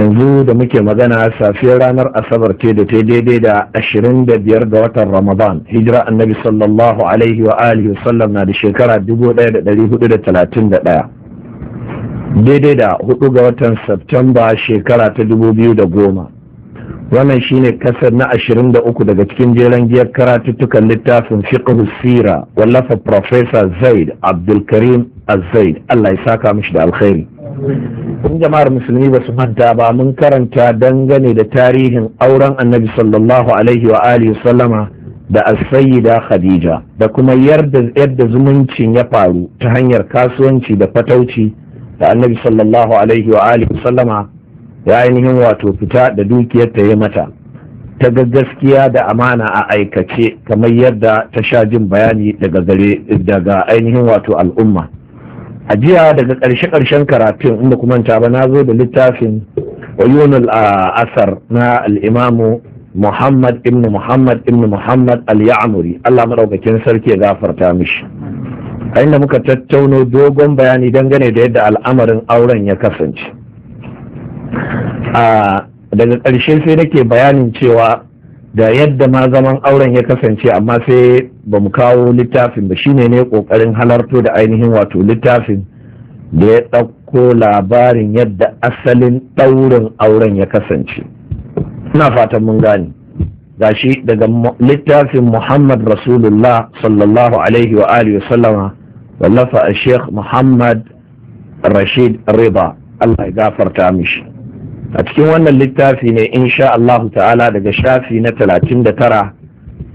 yanzu da muke magana safiyar ranar asabar ce da ta daidai da ashirin da biyar ga watan ramadan hijira annabi sallallahu alaihi wa alihi sallam na da shekara dubu ɗaya da dari hudu da talatin da ɗaya daidai da hudu ga watan Septemba shekara ta dubu biyu da goma wannan shine kasar na ashirin da uku daga cikin jeren giyar karatuttukan littafin fiqh sira wallafa Profesa zaid abdulkarim azzaid Allah ya saka mishi da alkhairi kun jama'ar musulmi ba su manta ba mun karanta dangane da tarihin auren annabi sallallahu alaihi wa alihi sallama da as-sayyida khadija da kuma yadda zumuncin ya faru ta hanyar kasuwanci da fatauci da annabi sallallahu alaihi wa alihi sallama ya ainihin wato fita da dukiyar ta yi mata ta ga gaskiya da amana a aikace kamar yadda ta sha jin bayani daga gare daga ainihin wato al'umma a jiya daga ƙarshe-ƙarshen karatun inda kuma ta ba na zo da littafin a asar na al'imamu muhammad ibn muhammad ibn muhammad al-ya'muri allah maɗaukakin sarki ya gafarta mishi a inda muka tattauno dogon bayani dangane da yadda al'amarin auren ya kasance daga ƙarshe sai nake bayanin cewa da yadda ma zaman auren ya kasance amma sai ba mu kawo littafin ba shine ne kokarin halarto da ainihin wato littafin da ya ɗauko labarin yadda asalin ɗaurin auren ya kasance ina fatan mun gane gashi daga littafin muhammad rasulullah sallallahu alaihi wa alihi wa sallama wallafa a sheikh muhammad rashid riba allah ya gafarta mishi a cikin wannan littafi ne insha Allahu ta'ala daga shafi na talatin da tara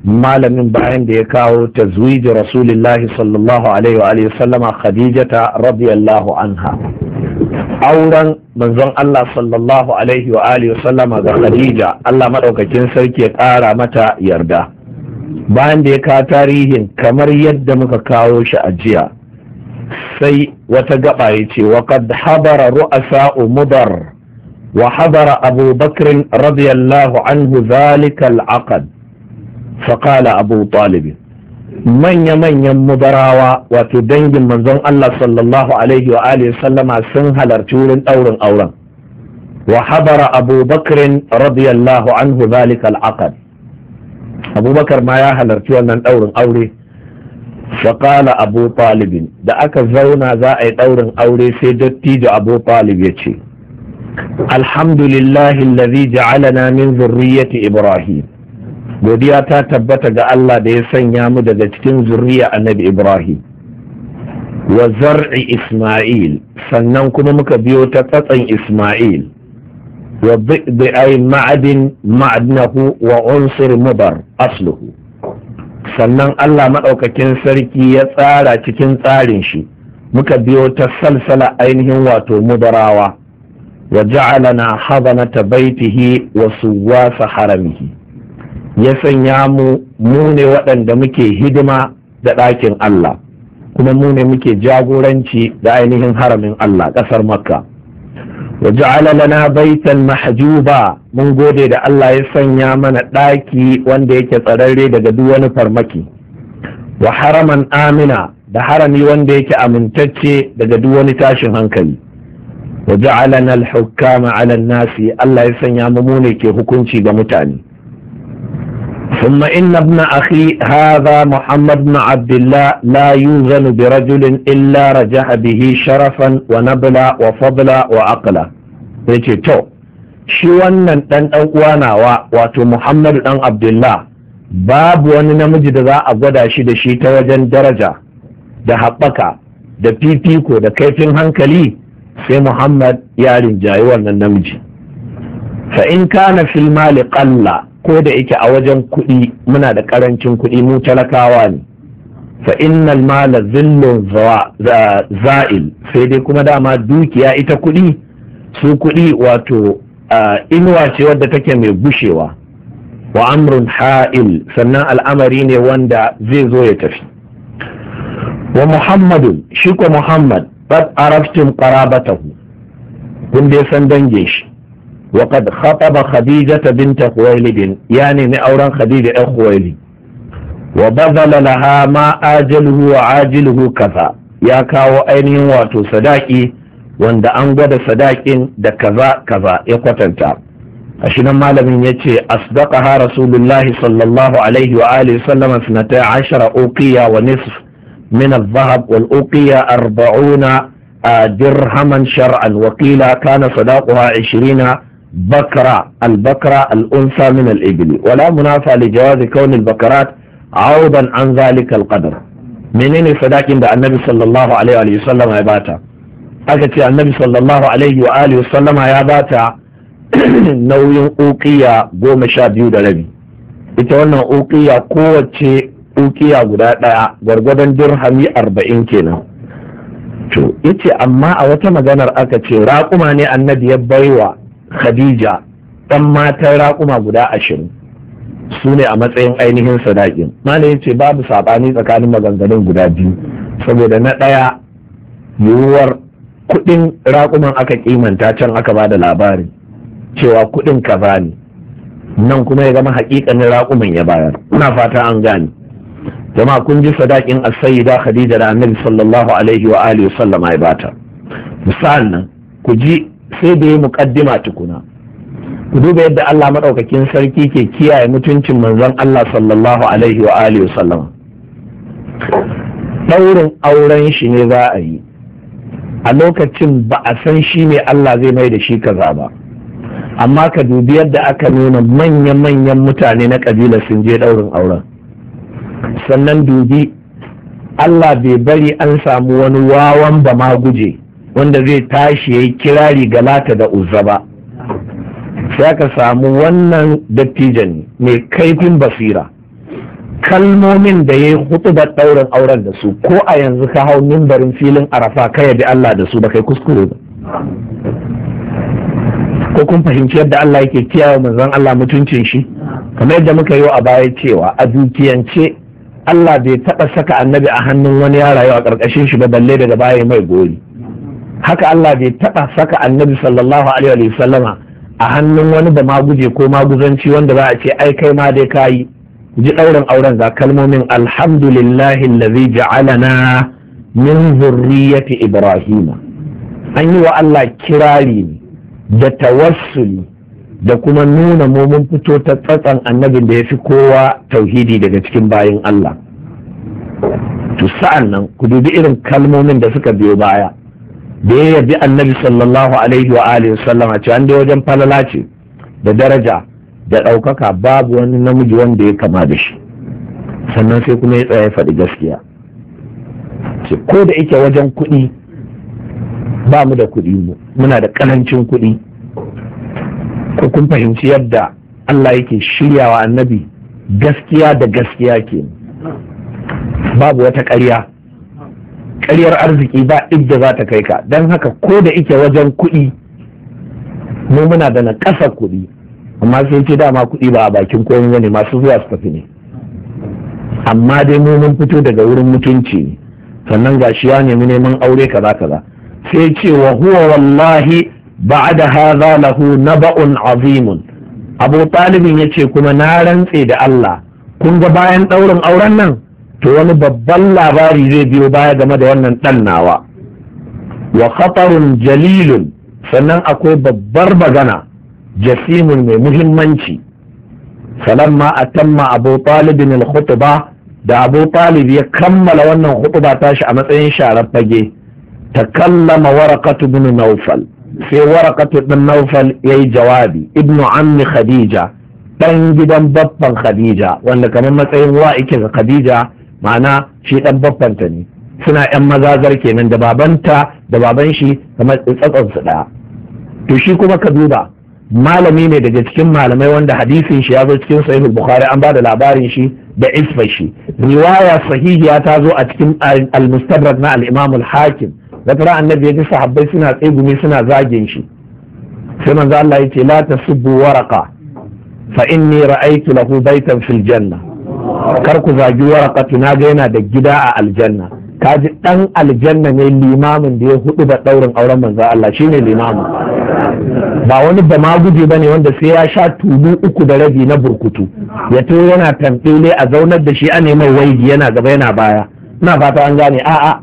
malamin bayan da ya kawo tazwiji rasulillahi sallallahu alaihi wa sallama khadijata radiyallahu anha auren manzon Allah sallallahu alaihi wa sallama ga khadija Allah madaukakin sarki ya ƙara mata yarda bayan da ya kawo tarihin kamar yadda muka kawo shi a jiya sai wata gaba ya ce wa qad habara ru'asa وحضر أبو بكر رضي الله عنه ذلك العقد فقال أبو طالب من يمن يمضراوا وتدنج من زن الله صلى الله عليه وآله وسلم سنها لرتول أورا أورا وحضر أبو بكر رضي الله عنه ذلك العقد أبو بكر ما ياهل رتول أورا أوري فقال أبو طالب da aka zauna za a yi ɗaurin aure sai dattijo abu talib ya ce الحمد لله الذي جعلنا من ذرية إبراهيم godiya ta tabbata ga Allah da ya sanya mu daga cikin zuriya annabi Ibrahim wa zar'i Ismail sannan kuma muka biyo ta tsatsan Ismail wa bi'ai ma'adin ma'adnahu wa unsir mubar asluhu sannan Allah maɗaukakin sarki ya tsara cikin tsarin shi muka biyo ta salsala ainihin wato mubarawa وجعلنا حضنة wasu wasa harami ya sanya mu mu ne waɗanda muke hidima da ɗakin Allah kuma mu ne muke jagoranci da ainihin haramin Allah ƙasar makka wa ja'ala lana baitan mahjuba mun gode da Allah ya sanya mana ɗaki wanda yake tsararre daga duk wani farmaki wa haraman amina da harami wanda yake amintacce daga duk wani tashin hankali wa ja'alana al-hukama 'ala an-nasi Allah ya sanya mu mu ke hukunci ga mutane ثم إن ابن أخي هذا محمد بن عبد الله لا يوزن برجل إلا رجح به شرفا ونبلا وفضلا وعقلا يجي تو shi wannan ɗan ɗan uwanawa wato Muhammadu ɗan Abdullah babu wani namiji da za a gwada shi da shi ta wajen daraja da haɓaka da fifiko da kaifin hankali sai muhammad ya rinjayi wannan namiji fa in kana fil mali qalla ko da yake a wajen kuɗi muna da ƙarancin kuɗi mu talakawa ne fa innal mala zillun za'il sai dai kuma dama dukiya ita kuɗi su kuɗi wato inuwa ce wadda take mai bushewa wa amrun ha'il sannan al'amari ne wanda zai zo ya tafi wa muhammadun shi ko muhammad qad araftum qarabatahu kun dai san dangin shi wa qad khataba khadijata binta khuwailid ya nemi auren khadija ɗan khuwailid wa bazala laha ma wa ajiluhu kaza ya kawo ainihin wato sadaki wanda an gwada sadakin da kaza kaza ya kwatanta a shi nan malamin ya ce asdaqaha rasulullahi sallallahu alaihi wa alihi sallama sanata ashara uqiya wa nisf من الذهب والأوقية أربعون درهما شرعا وقيل كان صداقها عشرين بكرة البكرة الأنثى من الإبل ولا منافع لجواز كون البكرات عوضا عن ذلك القدر menene sadakin da annabi sallallahu alaihi wa sallama ya bata aka ce annabi sallallahu alaihi wa alihi sallama ya bata nauyin uqiya goma sha biyu da rabi ita wannan uqiya kowace ukiya guda ɗaya gwargwadon dirhami arba'in kenan to yace amma a wata maganar aka ce raƙuma ne annabi ya baiwa khadija ɗan matan raƙuma guda ashirin su ne a matsayin ainihin sadakin ya yace babu saɓani tsakanin maganganun guda biyu saboda na ɗaya yiwuwar kuɗin raƙuman aka ƙimanta can aka ba da labari cewa kuɗin kaza ne nan kuma ya gama haƙiƙanin raƙuman ya bayar ina fata an gane jama'a kun ji sadakin as-sayyida khadija da annabi sallallahu alaihi wa alihi sallama ya bata nan ku ji sai da yi muqaddima tukuna ku duba yadda Allah madaukakin sarki ke kiyaye mutuncin manzon Allah sallallahu alaihi wa alihi sallama daurin auren shi ne za a yi a lokacin ba a san shi ne Allah zai mai da shi kaza ba amma ka dubi yadda aka nuna manya-manyan mutane na kabilar sun je daurin auren sannan dubi Allah bai bari an samu wani wawan ba ma guje wanda zai tashi ya yi kirari galata da uzza ba sai ka samu wannan dattijan mai kaifin basira kalmomin da ya yi hutubar ɗaurin auren da su ko a yanzu ka hau numbarin filin arafa ka yabi Allah da su ba kai kuskure ba ko kun fahimci yadda Allah yake kiyaye manzon Allah mutuncin shi kamar yadda muka yi a baya cewa a dukiyance Allah bai taɓa saka annabi a hannun wani ya rayu a ƙarƙashin shi ba balle daga baya mai gori haka Allah bai taɓa saka annabi sallallahu alaihi wa sallama a hannun wani da maguje ko maguzanci wanda za a ce ai kai ma dai kayi ji ɗaurin auren ga kalmomin alhamdulillahi allazi ja'alana min zurriyyati ibrahima an yi wa Allah kirari da tawassuli da kuma nuna mumun fito ta tsatsan annabin da ya fi kowa tauhidi daga cikin bayin Allah to sa'an nan ku dubi irin kalmomin da suka biyo baya da ya yabi annabi sallallahu alaihi wa alihi sallam a cewa wajen falala ce da daraja da ɗaukaka babu wani namiji wanda ya kama da shi sannan sai kuma ya tsaye faɗi gaskiya ko da yake wajen kuɗi ba mu da kuɗi mu muna da ƙanancin kuɗi ko kun fahimci yadda Allah yake shiryawa annabi gaskiya da gaskiya ke babu wata ƙarya ƙaryar arziki ba idda za ta kai ka don haka ko da ike wajen kuɗi mu muna da na ƙasa kuɗi amma sai ce dama kuɗi ba a bakin komai ne masu zuwa su tafi ne amma dai mu mun fito daga wurin mutunci sannan shi ya nemi neman aure kaza kaza sai ce wa huwa wallahi ba'da hadha lahu naba'un azimun abu ya ce kuma na rantse da Allah kun ga bayan ɗaurin auren nan to wani babban labari zai biyo baya game da wannan ɗan nawa wa khatarun jalilun sannan akwai babbar magana jasimun mai muhimmanci falamma atamma abu talibin al-khutba da abu talib ya kammala wannan khutba tashi a matsayin sharar fage kallama warakatu bin naufal sai warakatu ɗin naufal ya yi jawabi ibnu ammi khadija ɗan gidan babban khadija wanda kamar matsayin wa khadija ma'ana shi ɗan babbanta ne suna yan mazazar kenan da babanta da baban shi kamar su ɗaya to shi kuma ka duba malami ne daga cikin malamai wanda hadisin shi ya zo cikin sahihul bukhari an ba da labarin shi da isfa shi riwaya sahihiya ta zo a cikin al-mustadrak na al-imam al-hakim wata ran annabi ya ji sahabbai suna tsegumi suna zagin shi sai manzo Allah ya ce la tasubbu waraka fa inni ra'aytu lahu baytan fil janna kar ku zagi waraka na ga yana da gida a aljanna kaji dan aljanna ne limamin da ya hudu ba daurin auren manzo Allah shine limamin ba wani ba ma guje ba ne wanda sai ya sha tulu uku da rabi na burkutu ya to yana tamfele a zaunar da shi a neman waigi yana gaba yana baya ina fata an gane a'a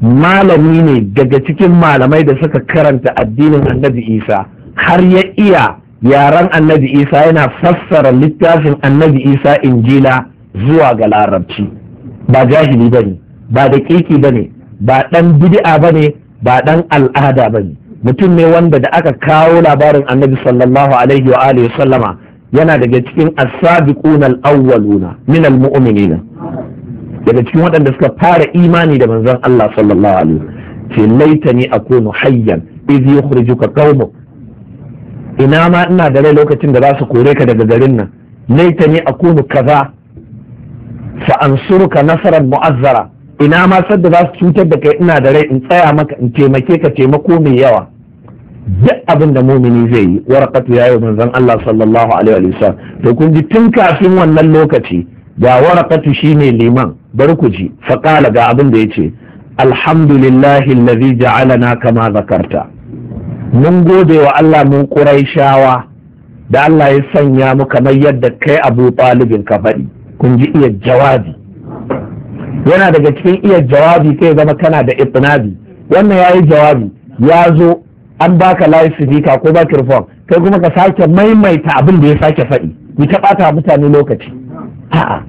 malami ne daga cikin malamai da suka karanta addinin annabi isa har ya iya yaren annabi isa yana fassara littafin annabi isa injila zuwa ga larabci ba jahili ba ne ba da kiki ba ne ba ɗan bid'a ba ne ba ɗan al'ada ba ne mutum ne wanda da aka kawo labarin annabi sallallahu alaihi wa alihi sallama yana daga cikin as-sabiquna al-awwaluna min al-mu'minina daga cikin waɗanda suka fara imani da manzon Allah sallallahu alaihi ce laitani akunu hayyan iz yukhrijuka qaumuk ina ma ina da rai lokacin da za su kore ka daga garin nan laitani akunu kaza fa ansuruka nasaran mu'azzara ina ma sadda za su cutar da kai ina da rai in tsaya maka in taimake ka taimako mai yawa duk abin da mumini zai yi warakatu yayi manzon Allah sallallahu alaihi wa sallam to kun ji tun kafin wannan lokaci ga warakatu shine liman bari ku ji faƙala ga abin da ya ce alhamdulillahi allazi ja'alana kama zakarta mun gode wa Allah mun shawa da Allah ya sanya mu kamar yadda kai abu ɗalibin ka faɗi kun ji iya jawabi yana daga cikin iya jawabi kai zama kana da itinabi wannan ya yi jawabi ya zo an baka lasifika ko ba kirfon kai kuma ka sake maimaita abin da ya sake faɗi ni ta ɓata mutane lokaci a'a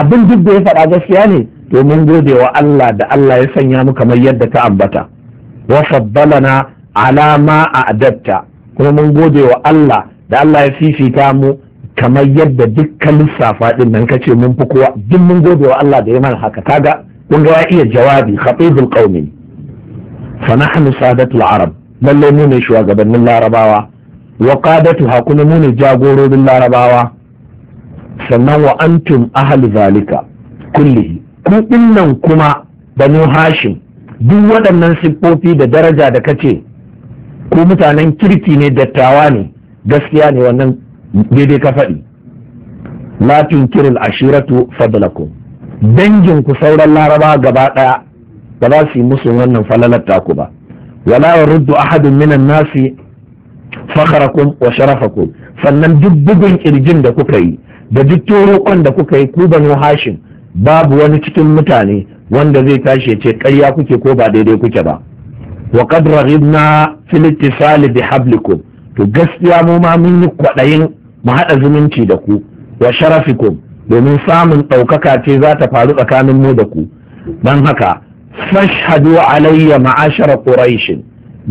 abin duk da ya faɗa gaskiya ne to mun gode wa Allah da Allah ya sanya mu kamar yadda ka ambata wa fadbalana ala ma a'datta kuma mun gode wa Allah da Allah ya fifita mu kamar yadda dukkan lissafa din nan kace mun fi kowa duk mun gode wa Allah da ya mana haka kaga kun ga ya iya jawabi khatibul qaumi fa nahnu sadatul arab lalle mu ne shugabannin larabawa wa qadatuha kuma mu ne jagororin larabawa sannan wa antum ahli zalika kullihi ku dinnan kuma banu hashim duk waɗannan siffofi da daraja da kace ku mutanen kirki ne dattawa ne gaskiya ne wannan daidai ka faɗi la tunkiril ashiratu fadlakum dangin ku sauran laraba gaba ɗaya ba za su yi musu wannan falalar taku ba wala yaruddu ahadun minan nasi fakharakum wa sharafakum sannan duk bugun kirjin da kuka yi da duk roƙon da kuka yi ku banu hashin babu wani cikin mutane wanda zai tashi ce ƙarya kuke ko ba daidai kuke ba wa qad raghibna fil ittisali bi hablikum to gaskiya mu ma mun yi kwaɗayin mu haɗa zumunci da ku wa sharafikum domin samun ɗaukaka ce za ta faru tsakanin mu da ku don haka fashhadu alayya ma'ashara quraish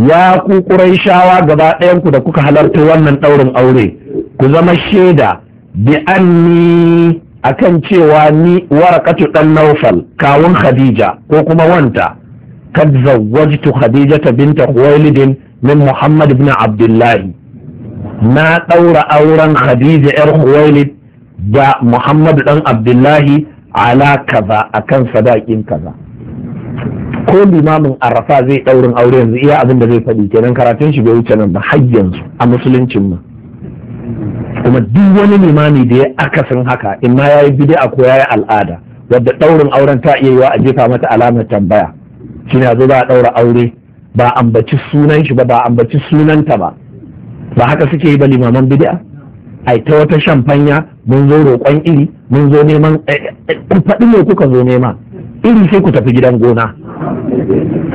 ya ku quraishawa gaba ku da kuka halarta wannan ɗaurin aure ku zama shaida bi anni akan cewa ni warakatu dan naufal kawun khadija ko kuma wanta kad zawwajtu khadijata binta khuwailid min muhammad ibn abdullahi na daura auren khadija yar khuwailid da muhammad dan abdullahi ala kaza akan sadakin kaza ko limamin arafa zai daurin aure yanzu iya abin da zai faɗi kenan karatun shi bai wuce nan ba har a musuluncin nan kuma duk wani limami da ya akasin haka in ma yi bid'a ko yayi al'ada wadda ɗaurin auren ta iya yiwa a jefa mata alamar tambaya shine a zo za a daura aure ba ambaci sunan shi ba ba ambaci sunanta ba ba haka suke yi ba limaman bid'a ai ta wata shamfanya mun zo roƙon iri mun zo neman eh, eh, ku faɗi me kuka zo nema iri sai ku tafi gidan gona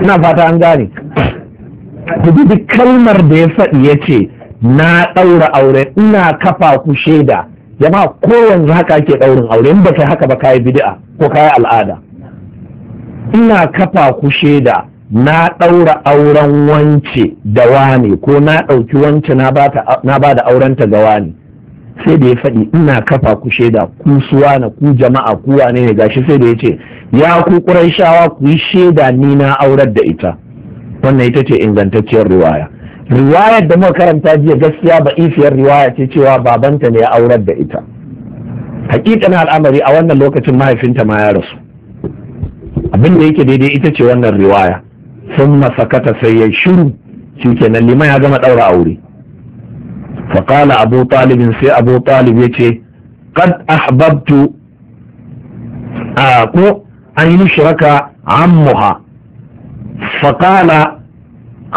ina fata an gane duk kalmar da ya faɗi ya ce na ɗaura aure ina kafa ku shaida jama'a ko yanzu haka ake ɗaurin aure in ba kai haka ba kayi bid'a ko kayi al'ada ina kafa ku shaida na ɗaura auren wance da wane ko na ɗauki wance na ba da aurenta ga wane sai da ya faɗi ina kafa ku shaida ku suwa na ku jama'a ku wane ne gashi sai da ya ce ya ku shawa ku yi shaida ni na aurar da ita wannan ita ce ingantacciyar riwaya riwayar da muka karanta jiya gaskiya ba ifiyar riwaya ce cewa babanta ne ya aurar da ita hakikanin al'amari a wannan lokacin mahaifinta ma ya rasu abin da yake daidai ita ce wannan riwaya sun masakata sai ya shiru kenan liman ya gama daura aure faƙala abu talibin sai abu talib ya ce kad ahbabtu a ko an yi shiraka ammuha faƙala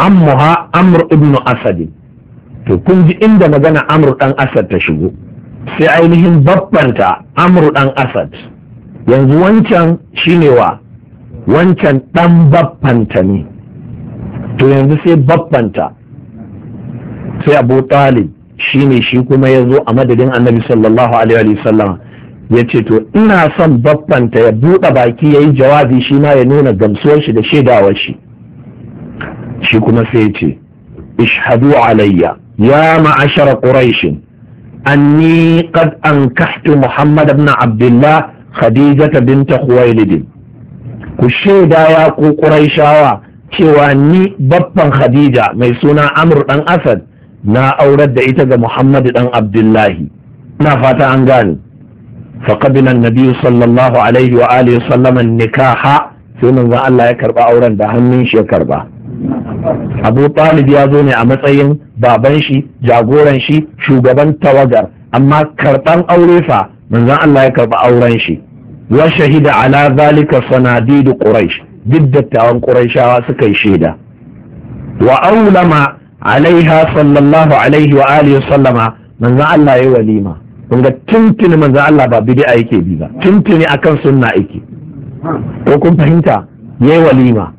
ammuha amr ibn asad to kun ji inda magana amr dan asad ta shigo sai ainihin babbanta amr dan asad yanzu wancan shine wa wancan dan babbanta ne to yanzu sai babbanta sai abu talib shine shi kuma ya zo a madadin annabi sallallahu alaihi wa sallam ya ce to ina son babbanta ya buɗe baki ya yi jawabi shi ma ya nuna gamsuwar shi da shaidawar shi shi kuma sai ce ishhadu alayya ya ma'ashara quraishin anni qad ankahtu muhammad ibn abdullah khadijata bint khuwailid ku shaida ya ku quraishawa cewa ni babban khadija mai suna amr dan asad na aurar da ita ga muhammad dan abdullahi na fata an gane فقبل النبي صلى الله عليه وآله وسلم النكاح sai manzon Allah ya karba auren da hannun shi ya karba abu talib ya zo ne a matsayin baban shi jagoran shi shugaban tawagar amma karɓan aure fa manzon Allah ya karɓi auren shi wa shahida ala zalika sanadidu quraish duk dattawan suka yi shaida wa aulama alaiha sallallahu alaihi wa alihi sallama manzon Allah ya walima kun ga tuntuni manzon Allah ba bid'a yake bi ba tuntuni akan sunna yake ko kun fahimta yayi walima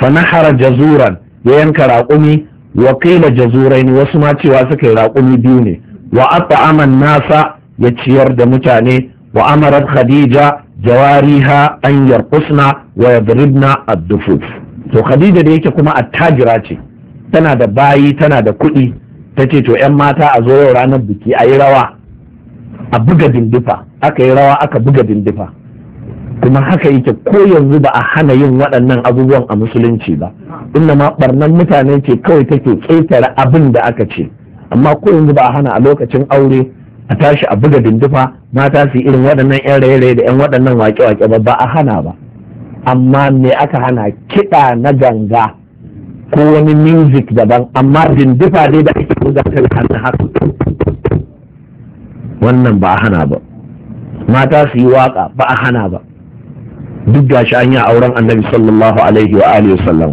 fa jazuran ya yanka raƙumi wa jazurai ne wasu ma cewa suka yi raƙumi biyu ne wa aman nasa ya ciyar da mutane wa amarat khadija jawariha an kusna wa yadribna to khadija da yake kuma attajira ce tana da bayi tana da kuɗi ta ce to 'yan mata a zo yau ranar biki a yi rawa a buga dindifa aka yi rawa aka buga dindifa kuma haka yake ko yanzu ba a hana yin waɗannan abubuwan a musulunci ba inda ma barnan mutane ce kawai take ƙetare abin da aka ce amma ko yanzu ba a hana a lokacin aure a tashi a buga dindufa mata su irin waɗannan 'yan raye-raye da 'yan waɗannan wake-wake ba ba a hana ba amma me aka hana kiɗa na ganga ko wani music daban amma dindufa dai da ake buga ta hannun haka wannan ba a hana ba mata su yi waka ba a hana ba duk shi an yi auren annabi sallallahu alaihi wa alihi sallam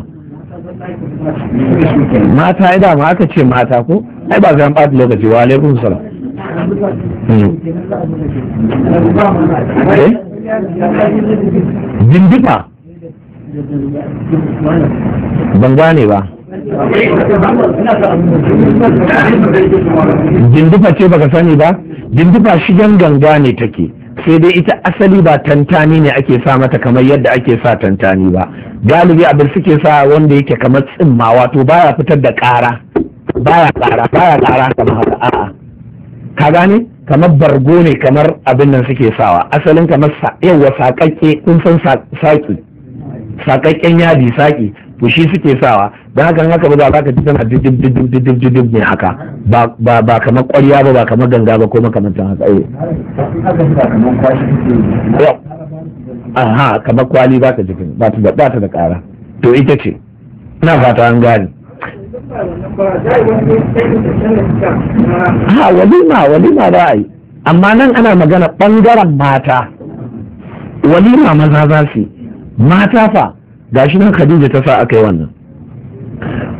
mata ai dama aka ce mata ko ai ba zan ɓata lokaci wa alaikum salam dindifa hmm. eh? ban gane ba dindifa ce baka sani ba dindifa shigan ganga ne take sai dai ita asali ba tantani ne ake sa mata kamar yadda ake sa tantani ba galibi abin suke sa wanda yake kamar tsimma wato baya fitar da kara baya ƙara baya ƙara kamar haka a'a ka gane kamar bargo ne kamar abin nan suke sawa asalin kamar yawa sakakke kun san saki sakakken yadi saki to shi suke sawa don haka haka ba za ka ji tana didib didib didib didib ne haka ba ba kamar ƙwarya ba ba kamar ganga ba ko makamantan haka eh aha kamar kwali ba ka jikin ba ta da ƙara to ita ce ina fata an gane ha walima walima ba a yi amma nan ana magana ɓangaren mata walima maza za su mata fa gashi nan khadija ta sa aka yi wannan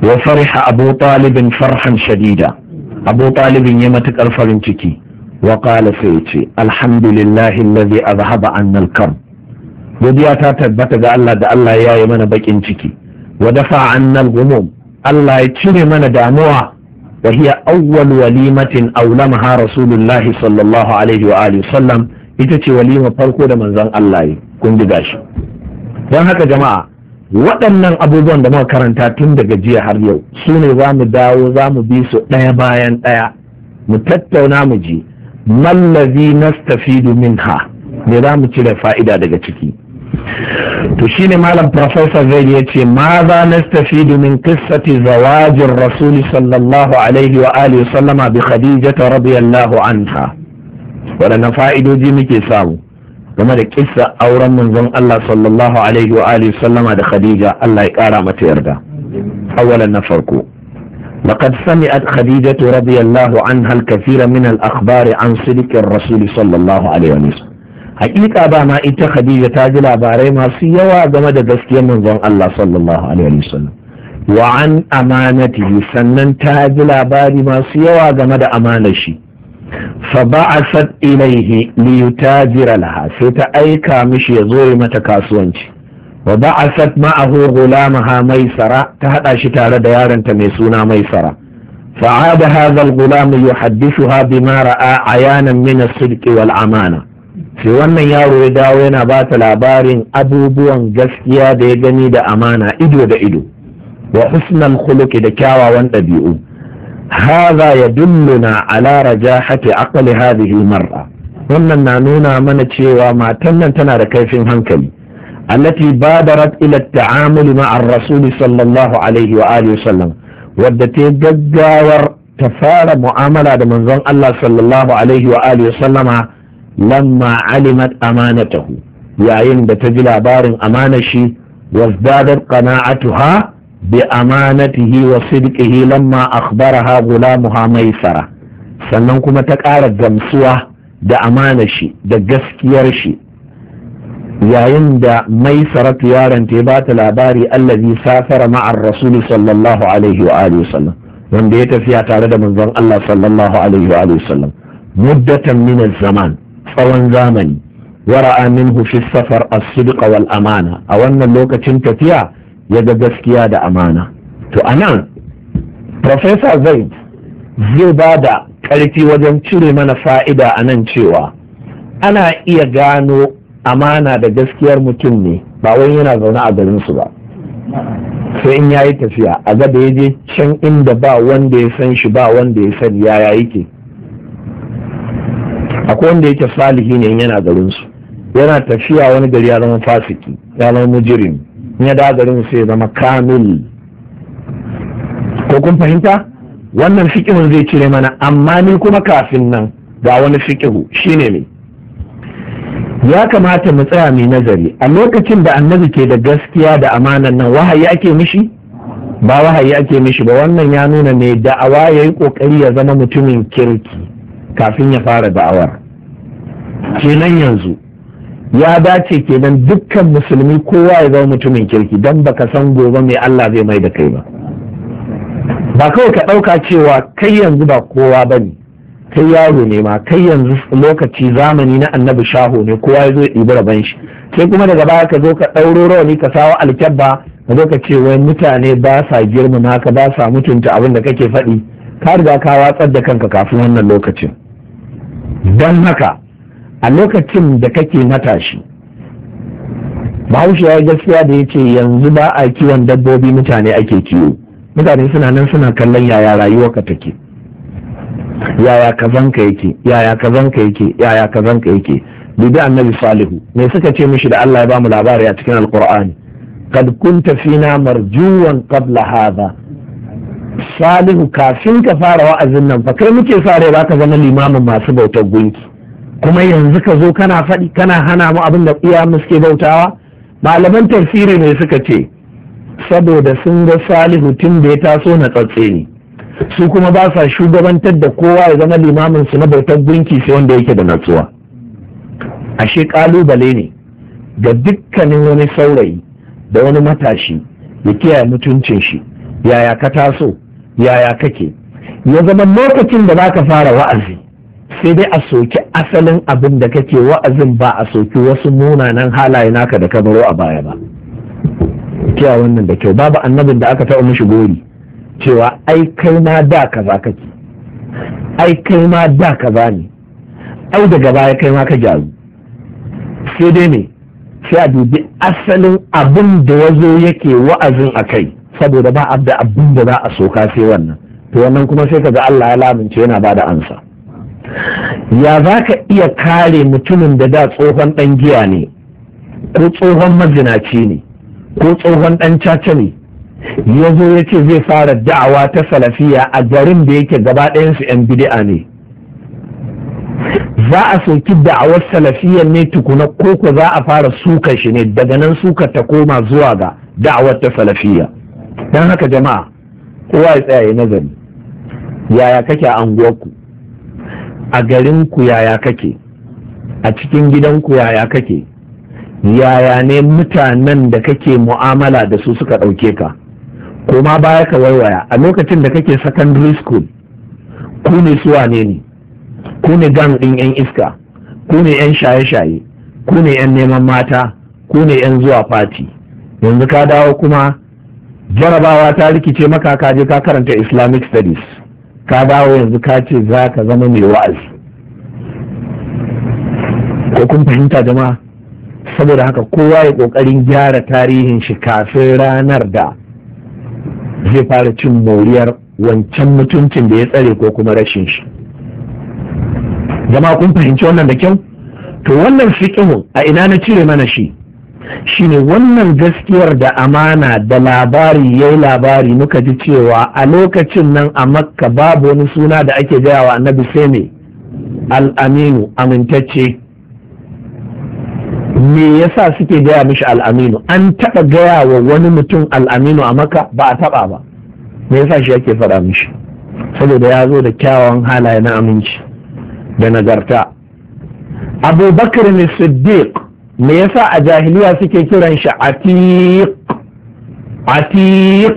wa fariha abu talibin farhan shadida abu talibin ya matukar farin ciki wa qala sai ce alhamdulillahi alladhi azhaba anna al-karb godiya ta tabbata ga Allah da Allah ya yi mana bakin ciki wa dafa anna al-ghumum Allah ya cire mana damuwa wa hiya awwal walimatin awlamaha rasulullahi sallallahu alaihi wa alihi sallam ita ce walima farko da manzon Allah ya kun ji gashi don haka jama'a waɗannan abubuwan da muka karanta tun daga jiya har yau su ne za mu dawo za mu bi su ɗaya bayan ɗaya mu tattauna mu ji mallazi nastafidu minha ne za mu cire fa'ida daga ciki to ne malam professor zaid ya ce ma za nastafidu min qissati zawajin rasul sallallahu alaihi wa alihi sallama bi khadijata radiyallahu anha waɗannan fa'idoji muke samu game da kissa auren manzon Allah sallallahu alaihi wa alihi sallama da Khadija Allah ya kara mata yarda awalan na farko لقد سمعت خديجة رضي الله عنها الكثير من الأخبار عن صدق الرسول صلى الله عليه وسلم حقيقة بما إتا خديجة تاجل أباري ما سيوا جمد دسكي من الله صلى الله عليه وسلم وعن أمانته سنن تاجل أباري ما سيوا جمد أمانشي faba'asat ilaihi liyutajira laha sai ta aika mishi ya zo mata kasuwanci wa ba'asat ma'ahu mai tsara, ta haɗa shi tare da yaronta mai suna maisara فعاد هذا الغلام يحدثها بما رأى عيانا من الصدق amana Sai wannan yaro ya dawo yana ba ta labarin abubuwan gaskiya da ya gani da amana ido da ido wa husnal khuluqi da kyawawan ɗabi'u hadha yadulluna ala rajahati aqli hadhihi mar'a wannan na nuna mana cewa matan nan tana da kaifin hankali allati badarat ila ta'amul ma'a rasul sallallahu alaihi wa alihi sallam wadda ta gaggawar ta fara mu'amala da manzon Allah sallallahu alaihi wa alihi wasallama lamma alimat amanatahu yayin da ta ji labarin amanar shi wazdadat qana'atuha amanati amanatihi wa sidqihi lamma akhbaraha gulamuha maisara sannan kuma ta ƙara gamsuwa da amana shi da gaskiyar shi yayin da maisaratu yaron ta ba ta labari allazi safara ma'ar rasuli sallallahu alaihi wa alihi sallam wanda ya tafiya tare da manzon Allah sallallahu alaihi wa alihi sallam muddatan min zaman tsawon zamani wara'a minhu fi safar as-sidqa wal amana a wannan lokacin tafiya ya ga gaskiya da amana to anan professor zaid zai ba da ƙarfi wajen cire mana fa'ida a nan cewa ana iya gano amana da gaskiyar mutum ne ba wai yana zaune a garinsu ba sai in yayi tafiya a ga da ya je can inda ba wanda ya san shi ba wanda ya san yaya yake akwai wanda yake salihi ne yana garinsu yana tafiya wani gari ya zama fasiki ya zama mujirin ya da garin sai zama kamil ko kun fahimta wannan fikihun zai cire mana amma ni kuma kafin nan ga wani fiƙihu shine ne ya kamata mu tsaya mai nazari a lokacin da annabi ke da gaskiya da amanan nan wahayi ake mishi ba wahayi ake mishi ba wannan ya nuna mai da'awa ya yi ƙoƙari ya zama mutumin kirki kafin ya fara da'awar kenan yanzu ya dace kenan dukkan musulmi kowa ya zama mutumin kirki don baka san gobe mai Allah zai mai da kai ba ba kawai ka ɗauka cewa kai yanzu ba kowa ba ne kai yaro ne ma kai yanzu lokaci zamani na annabi shaho ne kowa ya zo ya ɗibi ban shi sai kuma daga baya ka zo ka ɗauro rawani ka sawa alkyabba ka zo ka ce wai mutane ba sa girmama ka ba sa mutunta abin da kake faɗi ka riga ka watsar da kanka kafin wannan lokacin don haka a lokacin da kake matashi bahaushe ya gaskiya da ya ce yanzu ba a kiwon dabbobi mutane ake kiwo mutane suna nan suna kallon yaya ka take yaya kazanka yake yaya kazanka yake yaya kazanka yake bibi annabi salihu me suka ce mishi da Allah ya bamu labari a cikin alqur'ani kad kunta fina marjuwan kabla hadha salihu kafin ka fara wa'azin nan fa kai muke sa ba ka zama limamin masu bautar gunki kuma yanzu ka zo kana faɗi kana hana mu abin da iyamu suke bautawa malaman tafsiri ne suka ce saboda sun ga salihu tun da ya taso na tsatse ne su kuma ba sa shugabantar da kowa ya zama limamin su na bautar gunki sai wanda yake da natsuwa ashe kalubale ne ga dukkanin wani saurayi da wani matashi ya kiyaye mutuncin shi yaya ka taso yaya kake ya zama lokacin da za ka fara wa'azi sai dai a soki asalin abin da kake wa'azin ba a soki wasu munanan halaye naka da ka baro a baya ba kiya wannan da kyau babu annabin da aka taɓa mishi gori cewa ai kai ma da kaza kake ai kai ma da kaza ne ai daga baya kai ma ka gyaru sai dai ne sai a dubi asalin abin da ya zo yake wa'azin a kai saboda ba abda abin da za a soka sai wannan to wannan kuma sai ka Allah ya lamince yana bada da ansa ya za ka iya kare mutumin da da tsohon ɗan giya ne ko tsohon mazinaci ne ko tsohon ɗan caca ne ya zo ya ce zai fara da'awa ta salafiya a garin da yake gaba ɗayansu 'yan bidi'a ne za a soki da'awar salafiyar ne tukuna koko za a fara suka shi ne daga nan suka ta koma zuwa ga da'awar ta salafiya don haka jama'a kowa ya tsaya ya nazari yaya kake a anguwarku a garin ku yaya kake a cikin gidan ku yaya kake yaya ne mutanen da kake mu'amala da su suka ɗauke ka koma baya ka waiwaya a lokacin da kake secondary school ku ne su wane ne ku ne gan ɗin 'yan iska ku ne 'yan shaye-shaye ku ne 'yan neman mata ku ne 'yan zuwa fati yanzu ka dawo kuma jarabawa ta rikice maka ka je ka karanta islamic studies ka dawo yanzu ka ce za ka zama mai wa'azi ko kun fahimta jama'a saboda haka kowa ya kokarin gyara tarihin shi kafin ranar da zai fara cin moriyar wancan mutuncin da ya tsare ko kuma rashin shi jama'a kun fahimci wannan da kyau to wannan fiƙihun a ina na cire mana shi shine wannan gaskiyar da amana da labari ya yi labari muka ji cewa a lokacin nan a makka babu wani suna da ake gayawa wa annabi sai ne al'aminu amintacce me yasa suke gaya mishi al'aminu an taɓa gaya wa wani mutum al'aminu a makka ba a taɓa ba me yasa shi yake fara mishi saboda ya zo da kyawawan halaye na aminci da nagarta abubakar ne siddiq me yasa a jahiliya suke kiran shi atiq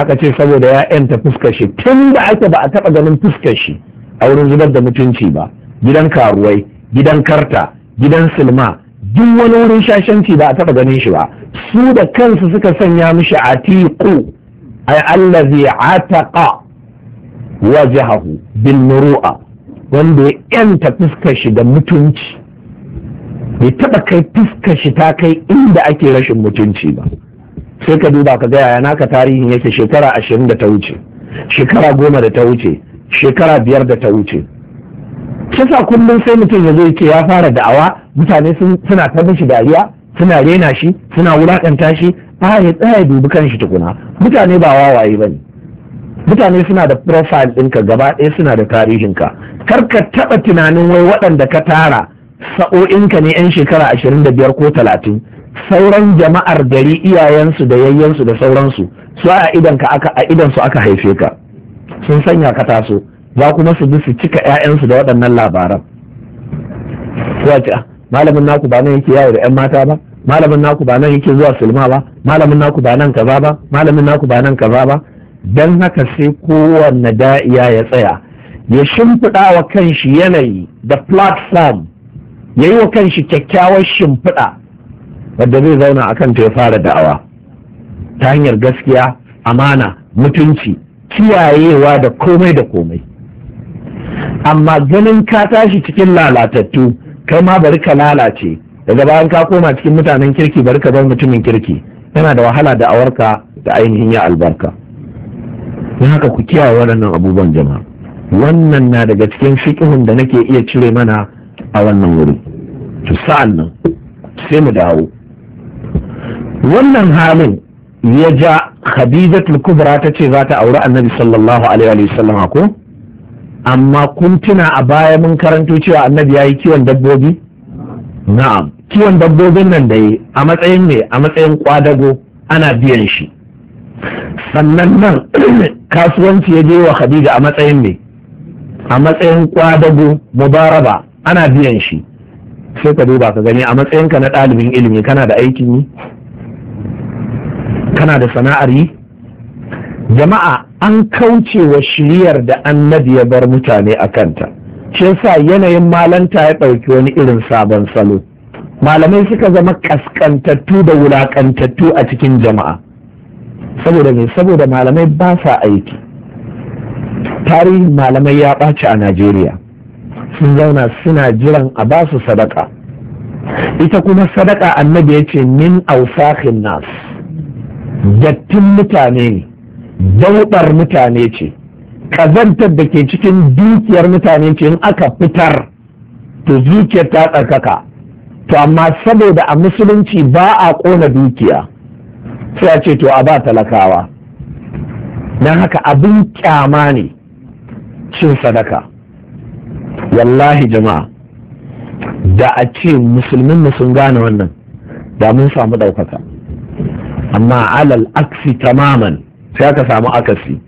aka ce saboda ya yanta fuskar shi tun da ake ba a taba ganin fuskar shi a wurin zubar da mutunci ba gidan karuwai gidan karta gidan silma duk wani wurin shashanci ba a taba ganin shi ba su da kansu suka sanya mishi atiqu ay allazi ataqa wajhahu bil muru'a wanda ya yanta fuskar shi da mutunci bai taba kai fuskar shi ta kai inda ake rashin mutunci ba sai ka duba ka gaya naka tarihin yake shekara ashirin da ta wuce shekara goma da ta wuce shekara biyar da ta wuce kisa kullum sai mutum ya zo ce ya fara da'awa mutane suna ta mishi dariya suna rena shi suna wulakanta shi a ya tsaya dubi kan shi tukuna mutane ba wawaye ba ne mutane suna da profile ɗinka gaba ɗaya suna da tarihinka kar ka taɓa tunanin wai waɗanda ka tara sa'o'inka ne 'yan shekara ashirin da biyar ko talatin sauran jama'ar gari iyayensu da yayyensu da sauransu su a idanka aka a idansu aka haife ka sun sanya ka taso za kuma su bi su cika 'ya'yansu da waɗannan labaran ah, malamin naku ba nan yake yawo da 'yan mata ba malamin naku ba nan yake zuwa sulma ba malamin naku ba nan kaza ba malamin naku ba nan kaza ba dan haka sai kowanne da'iya ya tsaya ya shimfiɗa wa kanshi yanayi da platform ya yi wa kanshi kyakkyawar shimfiɗa wadda zai zauna a kanta ya fara da'awa ta hanyar gaskiya amana mutunci kiyayewa da komai da komai amma ganin ka tashi cikin lalatattu kai ma bari ka lalace daga bayan ka koma cikin mutanen kirki bari ka zama mutumin kirki yana da wahala da awarka da ainihin ya albarka don haka ku kiyaye waɗannan abubuwan jama'a wannan na daga cikin fikihun da nake iya cire mana a wannan wuri to sa'an nan sai mu dawo wannan halin ya ja khadijatul kubra ta ce za ta auri annabi sallallahu alaihi wa sallam ko amma kun tuna a baya mun karanto cewa annabi ya yi kiwon dabbobi na'am kiwon dabbobin nan da yi a matsayin ne a matsayin kwadago ana biyan shi sannan nan kasuwanci ya je wa khadija a matsayin ne a matsayin kwadago mubaraba ana biyan shi sai ka duba ka gani a matsayinka na ɗalibin ilimi kana da aikin yi kana da sana'ar yi jama'a an kauce wa shiriyar da annabi ya bar mutane a kanta shi sa yanayin malanta ya ɗauki wani irin sabon salo malamai suka zama kaskantattu da wulakantattu a cikin jama'a saboda me saboda malamai ba sa aiki tarihin malamai ya ɓaci a najeriya sun zauna suna jiran a ba su sadaka ita kuma sadaka annabi ya ce min ausakhin nas dattin mutane ne daudar mutane ce kazantar da ke cikin dukiyar mutane ce in aka fitar to zuciyar ta tsarkaka to amma saboda a musulunci ba a ƙona dukiya sai a ce to a ba talakawa don haka abin kyama ne cin sadaka wallahi jama'a da a ce musulmin mu sun gane wannan da mun samu ɗaukaka amma alal aksi tamaman sai aka samu akasi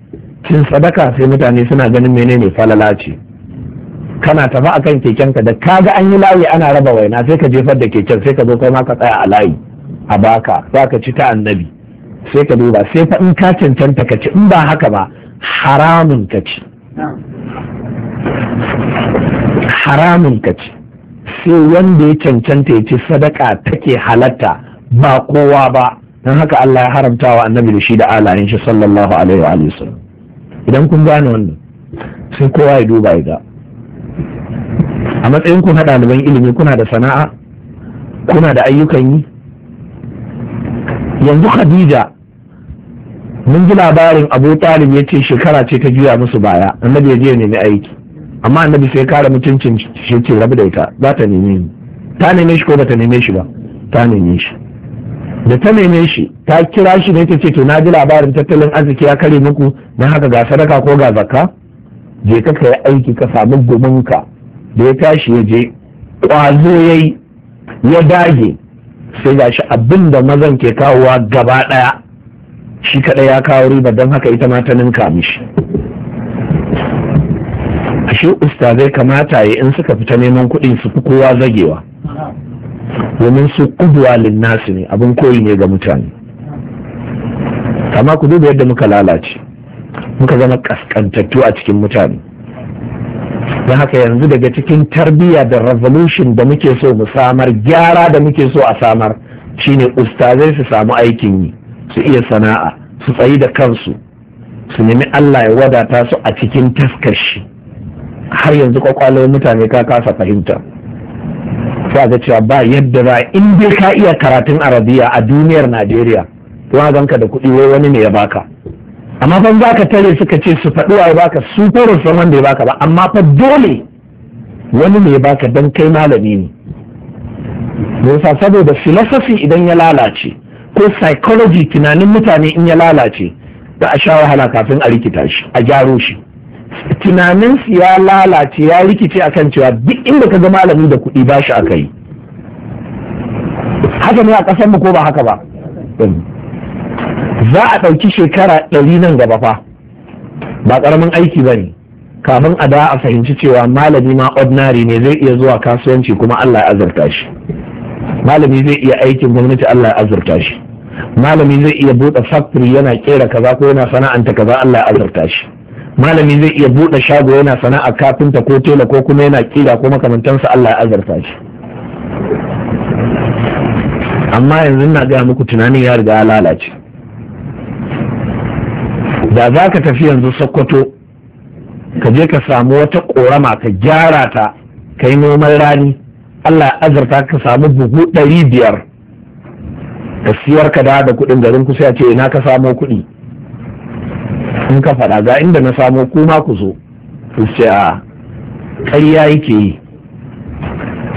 cin sadaka sai mutane suna ganin menene falala ce kana tafi akan kekenka da kaga an yi layi ana raba waina sai ka jefar da keken sai ka zo kai ma ka tsaya a layi a baka za ka ci ta annabi sai ka duba sai fa in ka cancanta ka ci in ba haka ba haramun ka ci haramun ka ci sai wanda ya cancanta ya ci sadaka take halatta ba kowa ba don haka Allah ya haramta wa annabi da shi da alayin shi sallallahu alaihi wa idan kun gane wannan sai kowa ya duba ya ga a matsayin kun haɗa ɗaliban ilimi kuna da sana'a kuna da ayyukan yi yanzu khadija mun ji labarin abu talib ya ce shekara ce ta juya musu baya annabi ya je nemi aiki amma annabi sai kara mutuncin shi ce rabu da ita za ta neme ni ta neme shi ko ba ta neme shi ba ta neme shi da ta neme shi ta kira shi ne ta ce to na ji labarin tattalin arziki ya kare muku na haka ga sadaka ko ga zakka je ka kai aiki ka samu ka da ya tashi ya je kwazo yayi ya dage sai ga shi abin da mazan ke kawowa gaba ɗaya shi kaɗai ya kawo riba don haka ita ma ta ninka mishi ashe ustazai kamata ya in suka fita neman kuɗi su fi kowa zagewa domin su kuduwa linnasu ne abin koyi ne ga mutane amma ku duba yadda muka lalace muka zama kaskantattu a cikin mutane don haka yanzu daga cikin tarbiyya da revolution da muke so mu samar gyara da muke so a samar shine ustazai su samu aikin yi su iya sana'a su tsayi da kansu su nemi Allah ya wadata su a cikin taskar shi har yanzu kwakwalwar mutane ka kasa fahimta sai ga cewa ba yadda za in dai ka iya karatun arabiya a duniyar najeriya to a ganka da kuɗi wai wani ne ya baka amma ban za ka tare suka ce su faɗi wa baka su ko san wanda ya baka ba amma fa dole wani ne ya baka dan kai malami ne yasa saboda philosophy idan ya lalace ko psychology tunanin mutane in ya lalace da a sha wahala kafin a rikita shi a gyaro shi tunaninsu ya lalace ya rikice akan cewa duk inda ka ga malami da kuɗi ba shi aka yi haka ne a ƙasar mu ko ba haka ba za a ɗauki shekara ɗari nan gaba fa ba ƙaramin aiki ba ne kamin a da a fahimci cewa malami ma ordinary ne zai iya zuwa kasuwanci kuma Allah ya azurta shi malami zai iya aikin gwamnati Allah ya azurta shi malami zai iya buɗe factory yana kera kaza ko yana sana'anta kaza Allah ya azurta shi malami zai iya buɗe shago yana sana'a kafinta ko tela ko kuma yana kira ko makamantansa Allah ya azarta shi amma yanzu na gaya muku tunanin ya riga lalace da za ka tafi yanzu sokoto ka je ka samu wata ƙorama ka gyara ta ka yi noman rani Allah ya azurta ka samu buhu ɗari biyar ka siyar ka da kuɗin garin kusa ya ce ina ka samo kuɗi in ka faɗa ga inda na samo kuma ku zo ce a ƙarya yake yi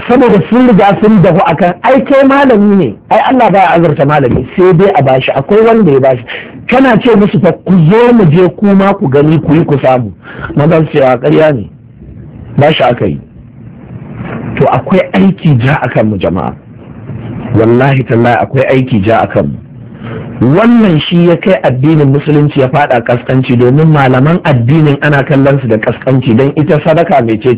saboda sun riga sun dahu akan ai kai malami ne ai Allah ba azurta malami sai dai a bashi akwai wanda ya bashi kana ce musu fa ku zo mu je kuma ku gani ku yi ku samu maza su ce a ƙarya ne ba shi aka yi to akwai aiki ja akan mu jama'a wallahi tallahi akwai aiki ja akan mu wannan shi ya kai addinin musulunci ya fada kaskanci domin malaman addinin ana kallon su da kaskanci don ita sadaka mai ce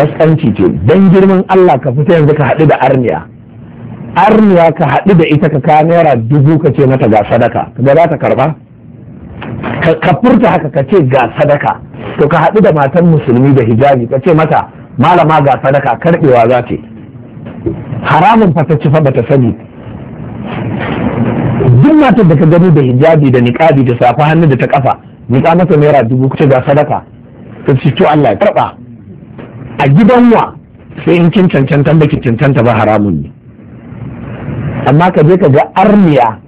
kaskanci ce don girman Allah ka fita yanzu ka haɗu da arniya arniya ka haɗu da ita ka kawo naira dubu ka ce mata ga sadaka ga za ta karba ka furta haka ka ce ga sadaka to ka haɗu da matan musulmi da hijabi ka ce mata malama ga sadaka karɓewa za ce haramun fa ta ci fa ba ta sani duk matar da ka gani da hijabi da niqabi da safa hannu da ta kafa niƙa masa naira dubu kuce ga sadaka ta ce to Allah ya karba a gidan wa sai in kin cancanta baki cancanta ba haramun ne amma ka je ka ga armiya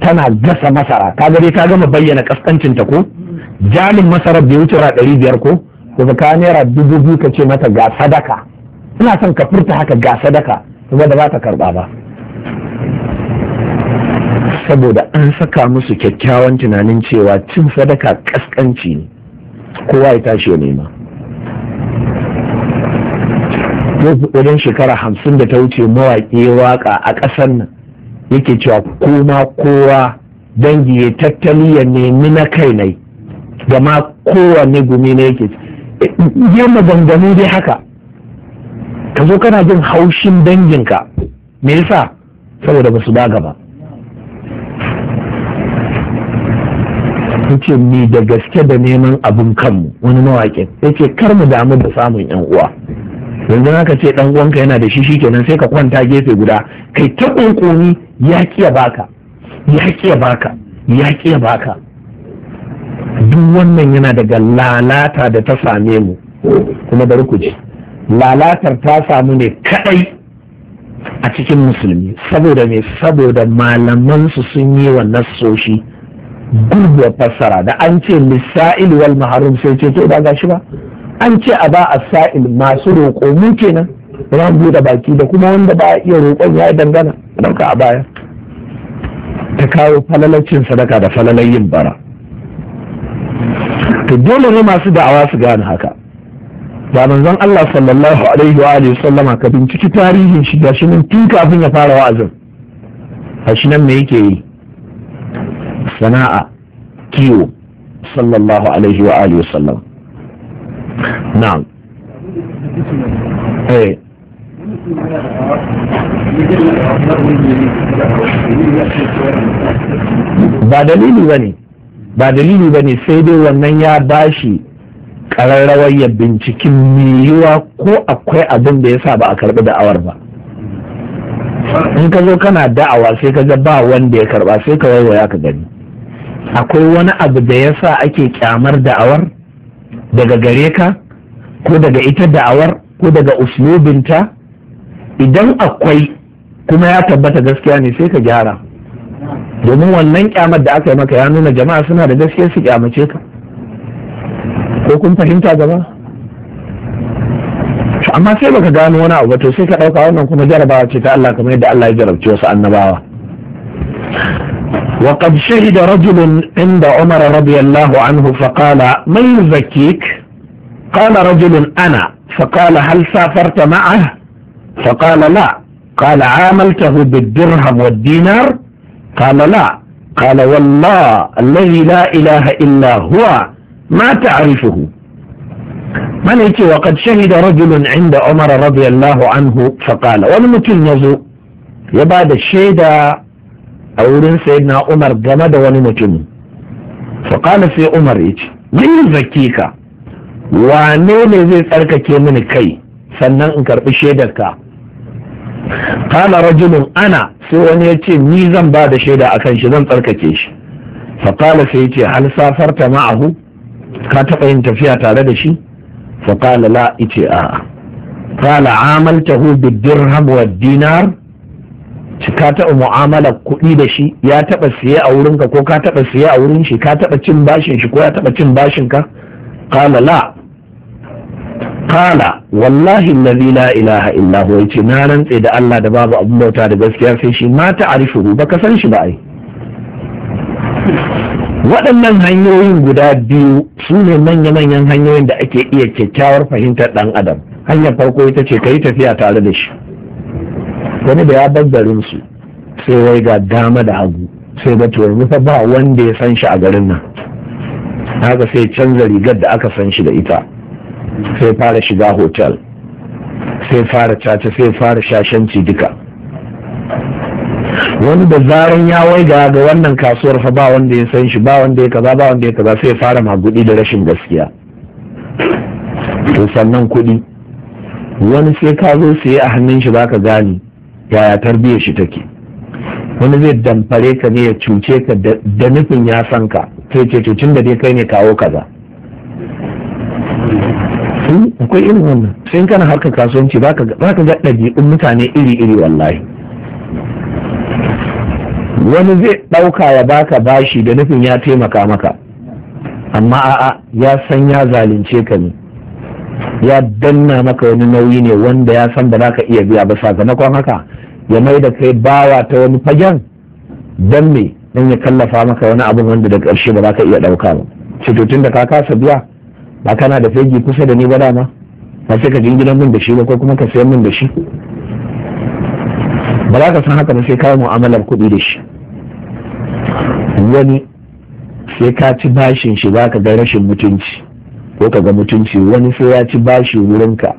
tana gasa masara ka ga dai ka gama bayyana kaskancin ta ko jalin masarar bai wuce ra ɗari biyar ko ko ka naira dubu biyu ka ce mata ga sadaka ina son ka furta haka ga sadaka saboda da ba ta karba ba saboda an saka musu kyakkyawan tunanin cewa cin sadaka kaskanci ne kowa ya tashi ya nema wajen shekara hamsin da ta wuce mawaƙi ya waƙa a ƙasar nan yake cewa kuma kowa dangi ya tattali ya nemi na kai nai ma kowanne gumi na yake yi maganganu dai haka ka zo kana jin haushin danginka me yasa saboda ba su ba gaba ta ni da gaske da neman abin kanmu wani mawaƙi. ya ce kar mu damu da samun yan uwa yanzu haka ce ɗan uwanka yana da shi shikenan sai ka kwanta gefe guda kai ta kunkuni ya kiya baka ya kiya baka ya kiya baka duk wannan yana daga lalata da ta same mu kuma bari ku ji lalatar ta samu ne kaɗai a cikin musulmi saboda me saboda malamansu sun yi wa nassoshi gurguwar fassara da an ce misa'il wal maharum sai ce to ba ga shi ba an ce a ba a sa'il masu roƙo mu kenan mu buɗe baki da kuma wanda ba iya roƙon ya dangana ranka a baya ta kawo falalacin sadaka da falalayin bara to dole ne masu da'awa su gane haka ba manzon Allah sallallahu alaihi wa alihi sallama ka binciki tarihin shi gashi nan tun kafin ya fara wa'azin shi nan me yake yi sana'a kiwo sallallahu alaihi wa alihi wasallam na'am eh. ba dalili ba ne ba dalili ba ne sai dai wannan ya bashi ƙararrawar ya binciken yiwuwa ko akwai abin da ya sa ba a karɓi da'awar ba in ka zo kana da'awa sai ka ga ba wanda ya karɓa sai ka waiwaya ka gani akwai wani abu da ya sa ake kyamar da'awar daga gare ka ko daga ita da'awar ko daga uslubinta idan akwai kuma ya tabbata gaskiya ne sai ka gyara domin wannan kyamar da aka yi maka ya nuna jama'a suna da gaskiya su kyamace ka ko kun fahimta gaba amma sai baka gano wani abu to sai ka ɗauka wannan kuma jarabawa ce ta Allah kamar yadda Allah ya jarabci wasu annabawa وقد شهد رجل عند عمر رضي الله عنه فقال من يزكيك قال رجل أنا فقال هل سافرت معه فقال لا قال عاملته بالدرهم والدينار قال لا قال والله الذي لا إله إلا هو ما تعرفه من يتي وقد شهد رجل عند عمر رضي الله عنه فقال ولم تنزو يباد الشيده a wurin na umar game da wani mutum faƙala sai umar ya ce min zakika wane ne zai tsarkake mini kai sannan in karɓi shaidarka kala rajulun ana sai wani ya ce ni zan ba da shaida a kan shi zan tsarkake shi faƙala sai ya ce hal safarta ma'ahu ka taɓa yin tafiya tare da shi faƙala la ice a'a kala amaltahu bid dirham wa dinar ka taɓa mu'amalar kuɗi da shi ya taɓa siye a wurinka ko ka taɓa siye a wurin shi ka taɓa cin bashin shi ko ya taɓa cin bashin ka qala la wallahi allazi la ilaha illa huwa yace na rantse da Allah da babu abun bauta da gaskiya sai shi ma ba baka san shi ba ai waɗannan hanyoyin guda biyu su ne manya-manyan hanyoyin da ake iya kyakkyawar fahimtar ɗan adam hanyar farko ita ce ka yi tafiya tare da shi wani da ya bar garin su sai wai ga dama da hagu sai ga to yanzu fa ba wanda ya san shi a garin nan haka sai canza rigar da aka san shi da ita sai fara shiga hotel sai fara caca sai fara shashanci duka wani da zaren ya wai ga wannan kasuwar fa ba wanda ya san shi ba wanda ya kaza ba wanda ya kaza sai fara magudi da rashin gaskiya to sannan kudi wani sai ka zo siye a hannun shi baka gane yaya tarbiyyar shi take wani zai damfare ka ne ya cuce ka da nufin ya san ka sai ce cucin da dai kai ne kawo kaza hmm, akwai irin wannan sai kana harkar kasuwanci ba ka ga ɗabi'un mutane iri-iri wallahi wani zai ɗauka ya baka bashi da nufin ya taimaka maka amma a'a ya san ya zalunce ka ne ya danna maka wani nauyi ne wanda ya san ba za ka iya biya ba sakamakon haka ya mai da kai bawa ta wani fagen don me don ya kallafa maka wani abin wanda da ƙarshe ba za ka iya ɗauka ba tun da ka kasa biya ba kana da fegi kusa da ni ba dama ba sai ka jingina min da shi ba ko kuma ka sayan min da shi ba za ka san haka ba sai ka yi mu'amalar kuɗi da shi wani sai ka ci bashin shi za ka ga rashin mutunci ko ka ga mutunci wani sai ya ci bashi wurinka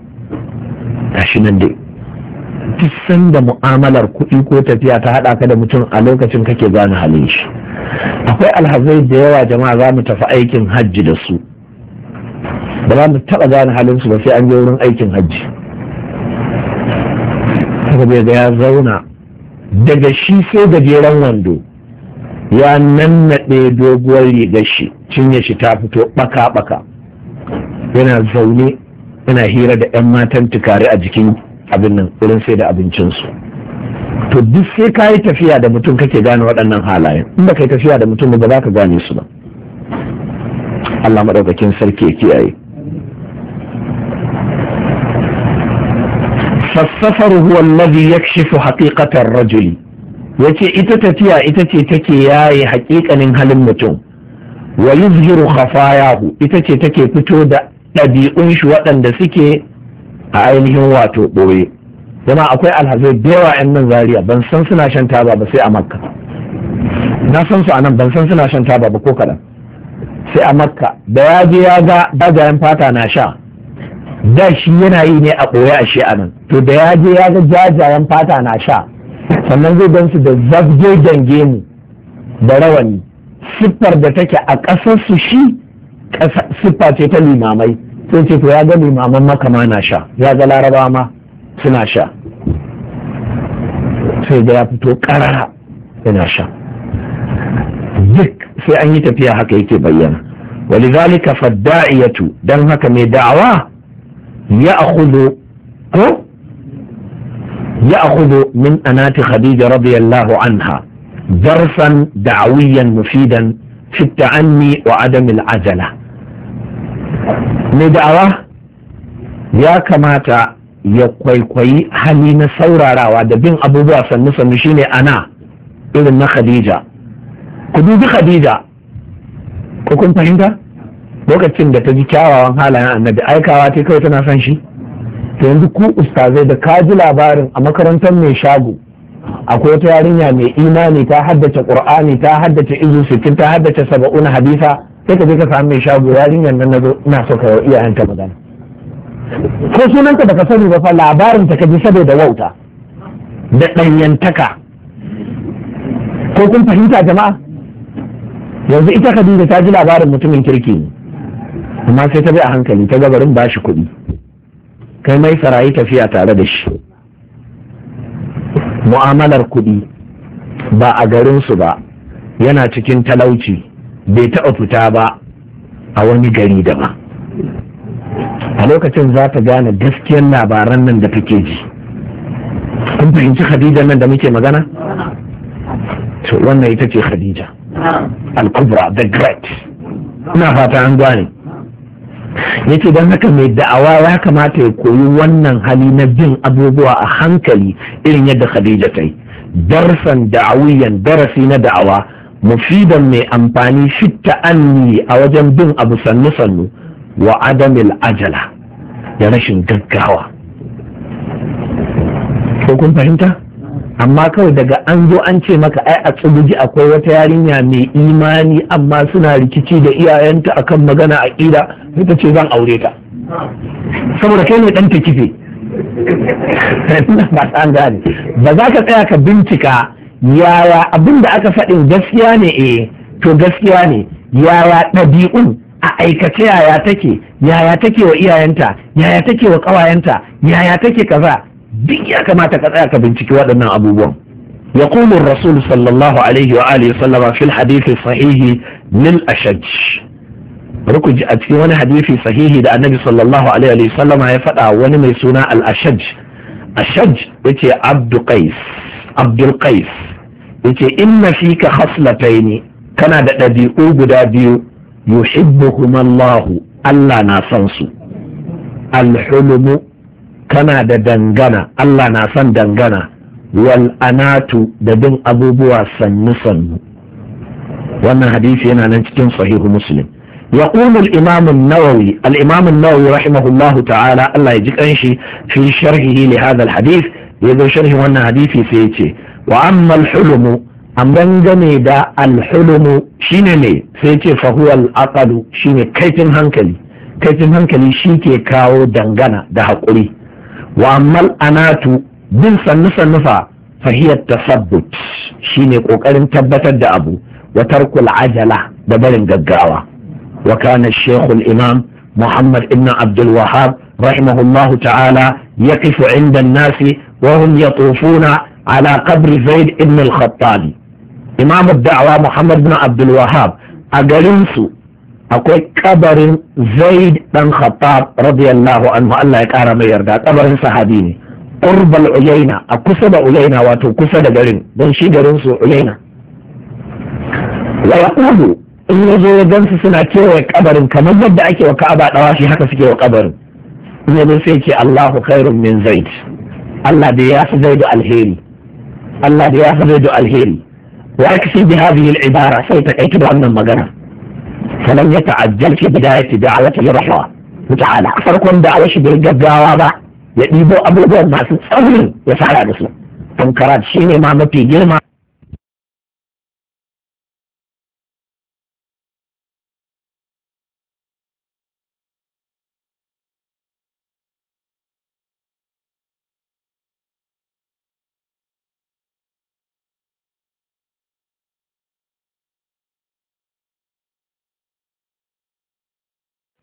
shi nan dai duk sanda mu'amalar kuɗi ko tafiya ta haɗa ka da mutum a lokacin kake gane halin shi akwai alhazai da yawa jama'a za mu tafi aikin hajji da su ba za mu taɓa gane halin su ba sai an je wurin aikin hajji bai ga ya zauna daga shi sai gajeren wando ya nannaɗe doguwar rigar shi cinye shi ta fito ɓaka-ɓaka, yana zaune yana hira da 'yan matan tukare a jikin abin nan wurin sai da abincinsu to duk sai ka yi tafiya da mutum kake gane waɗannan halayen in ba ka yi tafiya da mutum ba za ka gane su ba Allah maɗaukakin sarki ya kiyaye fassafar huwa ya yakshifu haƙiƙatar rajuli yace ita tafiya ita ce take yaye haƙiƙanin halin mutum wa yuzhiru khafayahu ita ce take fito da ɗabi'un shi waɗanda suke a ainihin wato ɓoye zama akwai alhazai da yawa 'yan nan zaria ban san suna shan taba ba sai a makka na san su a nan ban san suna shan taba ba ko kaɗan sai a makka da ya je ya ga jajayen fata na sha da shi yana yi ne a ɓoye a shi a nan to da ya je ya ga jajayen fata na sha sannan zai gan su da zabge gemu da rawani siffar da take a ƙasar su shi siffa ce ta limamai sun ce to ya ga limaman maka ma na sha ya ga laraba ma suna sha sai da ya fito karara yana sha duk sai an yi tafiya haka yake bayyana dan haka mai da'awa ya akhudu ko ya akhudu min anati khadija radiyallahu anha darsan da'awiyan mufidan fi ta'anni wa وعدم العجلة mai da'awa ya kamata ya kwaikwayi hali na saurarawa da bin abubuwa sannu-sannu shine ana irin na khadija ku dubi khadija ko kun fahimta lokacin da ta ji kyawawan halayen annabi aikawa ta kawai tana son shi Ta yanzu ku ustazai da ka ji labarin a makarantar mai shago akwai wata yarinya mai imani ta haddace qur'ani ta haddace izu sittin ta haddace saba'un hadisa sai ka je ka samu mai shago yarinyar nan nazo ina so ka yi iyayen ta magana ko sunanta baka sani ba fa labarin ta kaji saboda wauta da ɗanyantaka ko kun fahimta jama'a yanzu ita Khadija ta ji labarin mutumin kirki ne amma sai ta bi a hankali ta gabarin ba shi kuɗi kai mai sarayi tafiya tare da shi mu'amalar kuɗi ba a garinsu ba yana cikin talauci bai taɓa fita ba a wani gari daban a lokacin za ta gane gaskiyar labaran nan da take ji kun fahimci khadija nan da muke magana to wannan ita ce khadija al-kubra the great ina fata an gane yace don haka mai da'awa ya kamata ya koyi wannan hali na bin abubuwa a hankali irin yadda khadija ta yi darsan da'awiyan darasi na da'awa mufidan mai amfani shitta anni a wajen bin abu sannu sannu wa adamil ajala da rashin gaggawa ko kun fahimta amma kawai daga an zo an ce maka ai a tsuguji akwai wata yarinya mai imani amma suna rikici da iyayenta akan magana a ƙira? ita ce zan aure ta saboda kai ne dan ta kife ba za ka tsaya ka bincika yaya abin da aka faɗin gaskiya ne eh to gaskiya ne yaya ɗabi'un a aikace yaya take yaya take wa iyayenta yaya take wa ƙawayenta yaya take kaza duk ya kamata ka tsaya ka binciki waɗannan abubuwan يقول الرسول صلى الله عليه وآله وسلم في الحديث الصحيح للأشج ركج أتي وانا حديث صحيح ده النبي صلى الله عليه وسلم هيفتح وانا ميسونا الأشج أشج يتي عبد قيس abdul qais yace inna fika khaslataini kana da ɗabi'u guda biyu yuhibbuhuma Allah Allah na san su alhulumu kana da dangana Allah na san dangana wal anatu da bin abubuwa sannu sannu wannan hadisi yana nan cikin sahihu muslim al الإمام النووي rahimahullahu ta'ala allah ya ji الله يجزيك أنشي في شرحه لهذا الحديث ya zo sharhin wannan hadisi sai ya ce wa amma al-hulmu amman game da al-hulmu shine ne sai ce fa huwa al shine kaifin hankali kaifin hankali shi ke kawo dangana da haƙuri wa amma anatu bin sannu sannu fa fahiyar tasabbut shine kokarin tabbatar da abu wa tarkul ajala da barin gaggawa wa kana shekul imam muhammad ibn abdul wahab rahimahullahu ta'ala yaqifu inda nasi وهم يطوفون على قبر زيد بن الخطاب إمام الدعوة محمد بن عبد الوهاب أجلنسو akwai kabarin zaid dan khattab radiyallahu anhu Allah ya kara mai yarda kabarin sahabi Urbal qurbal uyaina a kusa da uyaina wato kusa da garin don shi garinsu su uyaina wa yaqulu in yazo ya gansu suna kewaye kabarin kamar wadda ake wa ka'aba dawa shi haka suke wa kabarin ne sai ce Allahu khairun min zaid Allah da ya fi da alheri Allah da ya fi da alheri wa yakfi bi hadhihi al-ibara sai ta da wannan magana sanan ya ta'ajjal fi bidayati da'awati rahwa ta'ala farkon da'awar shi bai gaggawa ba ya ɗibo abubuwan masu tsauri ya fara da su tunkarat shine ma mafi girma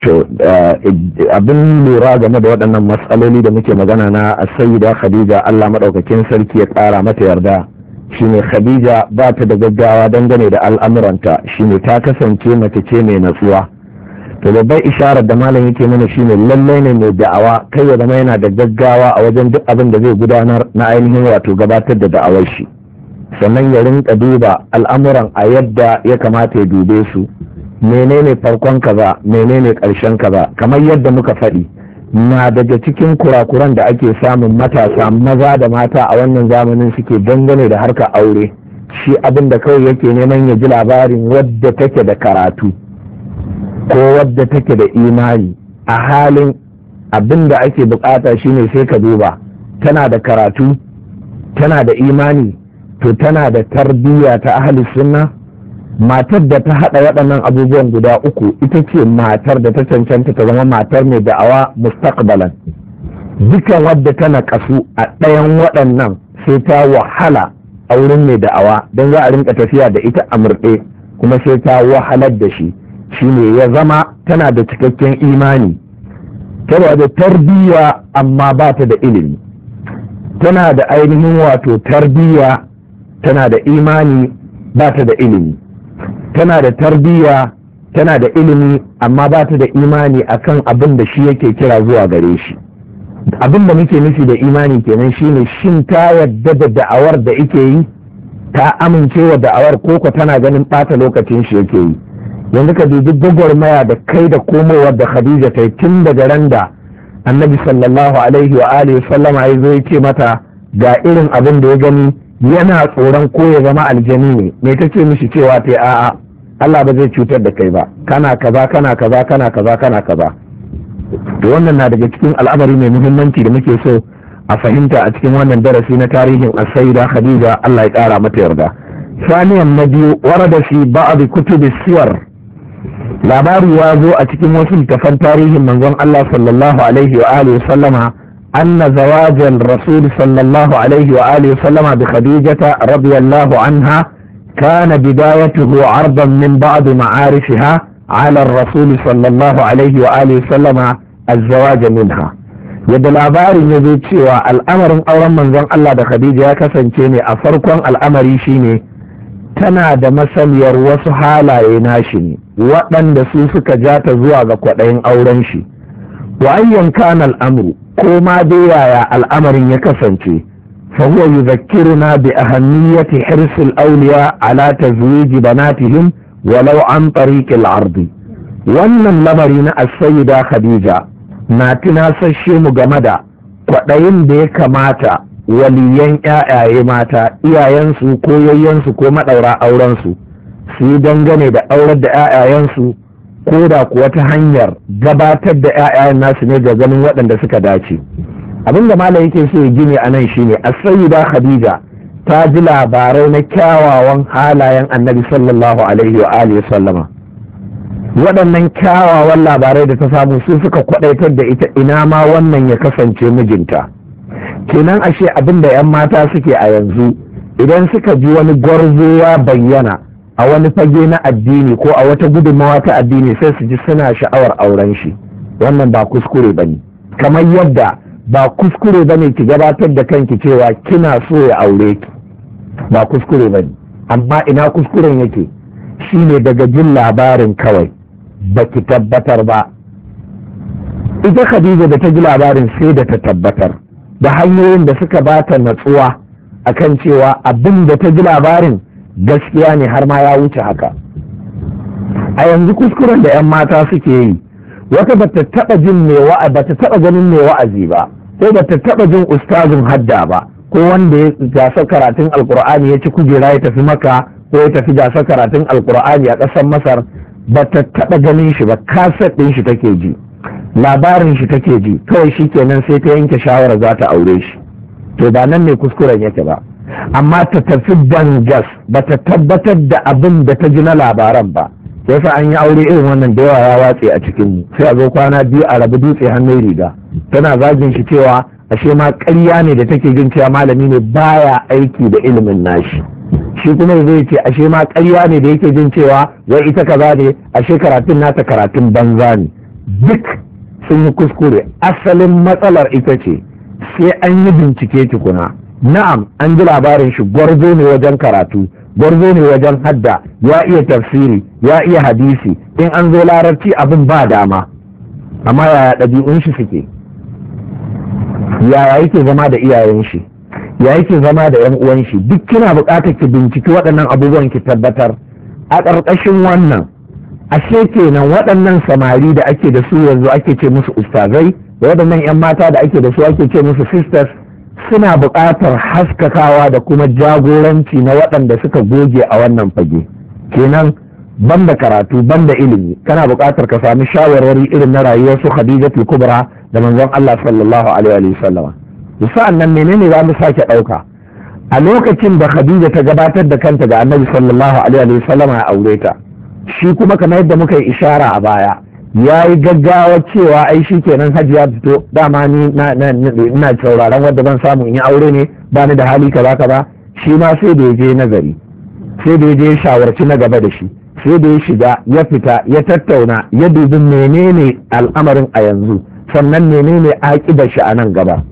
to eh, abin lura game da waɗannan matsaloli da muke magana na a da khadija allah maɗaukakin sarki ya ƙara mata yarda shine khadija ba ta da gaggawa dangane da al'amuranta shine ta kasance mace ce mai natsuwa to babban isharar da malam yake mana shine lallai ne mai da'awa kai ya zama yana da gaggawa a wajen duk abin da zai gudanar na ainihin wato gabatar da da'awar shi sannan ya rinka duba al'amuran a yadda ya kamata ya dube su menene farkon kaza menene ƙarshen kaza kamar yadda muka faɗi na daga cikin kurakuran da ake samun matasa maza da mata a wannan zamanin suke dangane da harkar aure shi abin da kawai yake neman ya ji labarin wadda take da karatu ko wadda take da imani a halin abin da ake bukata shine sai ka duba tana da karatu tana da imani to tana da tarbiyya ta ahli sunna matar da ta haɗa waɗannan abubuwan guda uku ita ce matar da ta cancanta ta zama matar mai da'awa mustaqbalan dukkan wadda tana kasu a ɗayan waɗannan sai ta wahala a wurin mai da'awa don za a rinka tafiya da ita a murɗe kuma sai ta wahalar da shi shine ya zama tana da cikakken imani tana da tarbiyya amma ba ta da ilimi tana da ainihin wato tarbiyya tana da imani ba ta da ilimi tana da tarbiyya tana da ilimi amma ba ta da imani akan abin da shi yake kira zuwa gare shi abin da muke nufi da imani kenan shine shin ta yadda da da'awar da ike yi ta amince wa da'awar koko tana ganin bata lokacin shi yake yi yanzu ka dubi maya da kai da komowar da khadija ta tun daga ran da annabi sallallahu alaihi wa alihi sallama ya zo ya ce mata ga irin abin da ya gani yana tsoron ko ya zama aljani ne me ta ce mishi cewa ta a'a Allah ba zai cutar da kai ba kana kaza kana kaza kana kaza kana kaza to wannan na daga cikin al'amari mai muhimmanci da muke so a fahimta a cikin wannan darasi na tarihin asaida khadija Allah ya kara mata yarda saniyan na biyu warada fi ba'd kutubi siwar labari ya zo a cikin wasu littafan tarihin manzon Allah sallallahu alaihi wa alihi wa sallama أن زواج الرسول صلى الله عليه وآله وسلم بخديجة رضي الله عنها كان بدايته عرضا من بعض معارفها على الرسول صلى الله عليه وآله وسلم الزواج منها yadda labarin ya zo cewa al'amarin auren manzon Allah da Khadija ya kasance ne a farkon al'amari shine tana da masaniyar wasu halaye nashi ne waɗanda su suka ja ta zuwa ga kwaɗayin auren shi wa ayyan kana al'amru ko ma dai yaya al'amarin ya kasance فهو يذكرنا بأهمية حرص الأولياء على تزويج بناتهم ولو عن طريق العرض wannan lamari na asayida khadija na tunasashe mu game da kwaɗayin da ya kamata waliyan ‘ya'yaye mata iyayensu ko yayyensu ko maɗaura aurensu su yi dangane da aurar da ‘ya'yayensu ko da kuwa ta hanyar gabatar da 'ya'yan nasu ne ga ganin waɗanda suka dace abin da malam yake so ya gini a nan shine as da khadija ta ji labarai na kyawawan halayen annabi sallallahu alaihi wa alihi sallama waɗannan kyawawan labarai da ta samu su suka kwaɗaitar da ita ina ma wannan ya kasance mijinta kenan ashe abin da 'yan mata suke a yanzu idan suka ji wani gwarzowa bayyana a wani fage na addini ko a wata gudunmawa ta addini sai su ji suna sha'awar auren shi wannan ba kuskure ba ne kamar yadda ba kuskure ba ne ki gabatar da kanki cewa kina so ya aure ki ba kuskure ba ne amma ina kuskuren yake shine daga jin labarin kawai ba ki tabbatar ba ita khadija da ta ji labarin sai da ta tabbatar da hanyoyin da suka ba bata natsuwa akan cewa abin da ta ji labarin gaskiya ne har ma ya wuce haka a yanzu kuskuren da 'yan mata suke yi wata ba ta taɓa jin mai wa'a ba ta taba ganin mai wa'azi ba ko ba ta taɓa jin ustazin hadda ba ko wanda ya gasa karatun alkur'ani ya ci kujera ya tafi maka ko ya tafi gasa karatun alkur'ani a ƙasar masar ba ta taɓa ganin shi ba kasar ɗin shi take ji labarin shi take ji kawai shi kenan sai ta yanke shawarar za ta aure shi to ba nan ne kuskuren yake ba amma ta tafi dangas ba ta tabbatar da abin da ta ji na labaran ba yasa an yi aure irin wannan da yawa ya watse a cikin mu sai a zo kwana biyu a rabu dutse hannun riga tana zagin shi cewa ashe ma ƙarya ne da take jin cewa malami ne baya aiki da ilimin nashi shi kuma zai ce ashe ma ƙarya ne da yake jin cewa wai ita kaza ne ashe karatun nata karatun banza ne duk sun yi kuskure asalin matsalar ita ce sai an yi bincike tukuna na'am an ji labarin shi gwarzo ne wajen karatu gwarzo ne wajen hadda ya iya tafsiri ya iya hadisi in an zo lararci abin ba dama amma yaya ɗabi'un shi suke yaya yake zama da iyayen shi ya yake zama da yan uwan shi duk kina bukatar ki binciki waɗannan abubuwan ki tabbatar a ƙarƙashin wannan ashe kenan waɗannan samari da ake da su yanzu ake ce musu ustazai da waɗannan yan mata da ake da su ake ce musu sisters suna buƙatar haskakawa da kuma jagoranci na waɗanda suka goge a wannan fage kenan banda karatu banda ilimi kana buƙatar ka sami shawarwari irin na rayuwar su Khadijatul Kubra da manzon Allah sallallahu alaihi wa sallama sa'an nan menene za mu sake ɗauka a lokacin da Khadija ta gabatar da kanta ga Annabi sallallahu alaihi wa sallama a aure ta shi kuma kamar yadda muka yi ishara a baya ya yi gaggawa cewa ai shi kenan hajiya fito dama ni ina sauraron wadda ban samu in yi aure ne ba ni da hali kaza kaza shi ma sai da ya je nazari sai da ya je shawarci na gaba da shi sai da ya shiga ya fita ya tattauna ya dubi menene al'amarin a yanzu sannan menene aƙida shi a nan gaba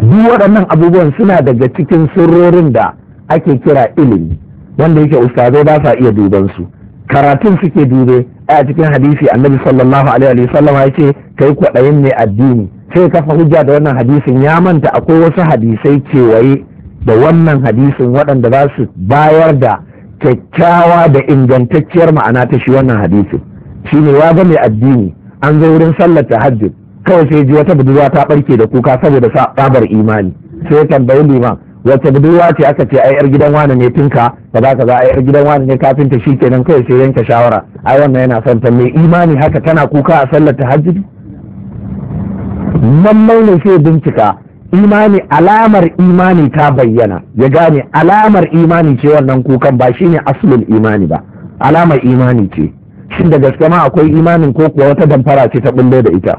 duk waɗannan abubuwan suna daga cikin sirrorin da ake kira ilimi wanda yake ustazai ba sa iya duban su karatun suke dube a cikin hadisi annabi sallallahu alaihi wa sallam ya ce kai kwaɗayin ne addini sai kafa hujja da wannan hadisin ya manta akwai wasu hadisai kewaye da wannan hadisin waɗanda za su bayar da kyakkyawa da ingantacciyar ma'ana ta shi wannan hadisin shi ne ya mai addini an zo wurin sallar tahajjud kawai sai ji wata budurwa ta barke da kuka saboda sa imani sai ya tambayi liman wacce budurwa ce aka ce ai yar gidan wani ne tinka ka za a yar gidan wani ne ke nan kai sai yanke shawara ai wannan yana son ta mai imani haka tana kuka a sallar Hajji? Mamman ne sai bincika imani alamar imani ta bayyana ya gane alamar imani ce wannan kukan ba shine aslul imani ba alamar imani ce shin da gaske ma akwai imanin ko kuwa wata damfara ce ta bullo da ita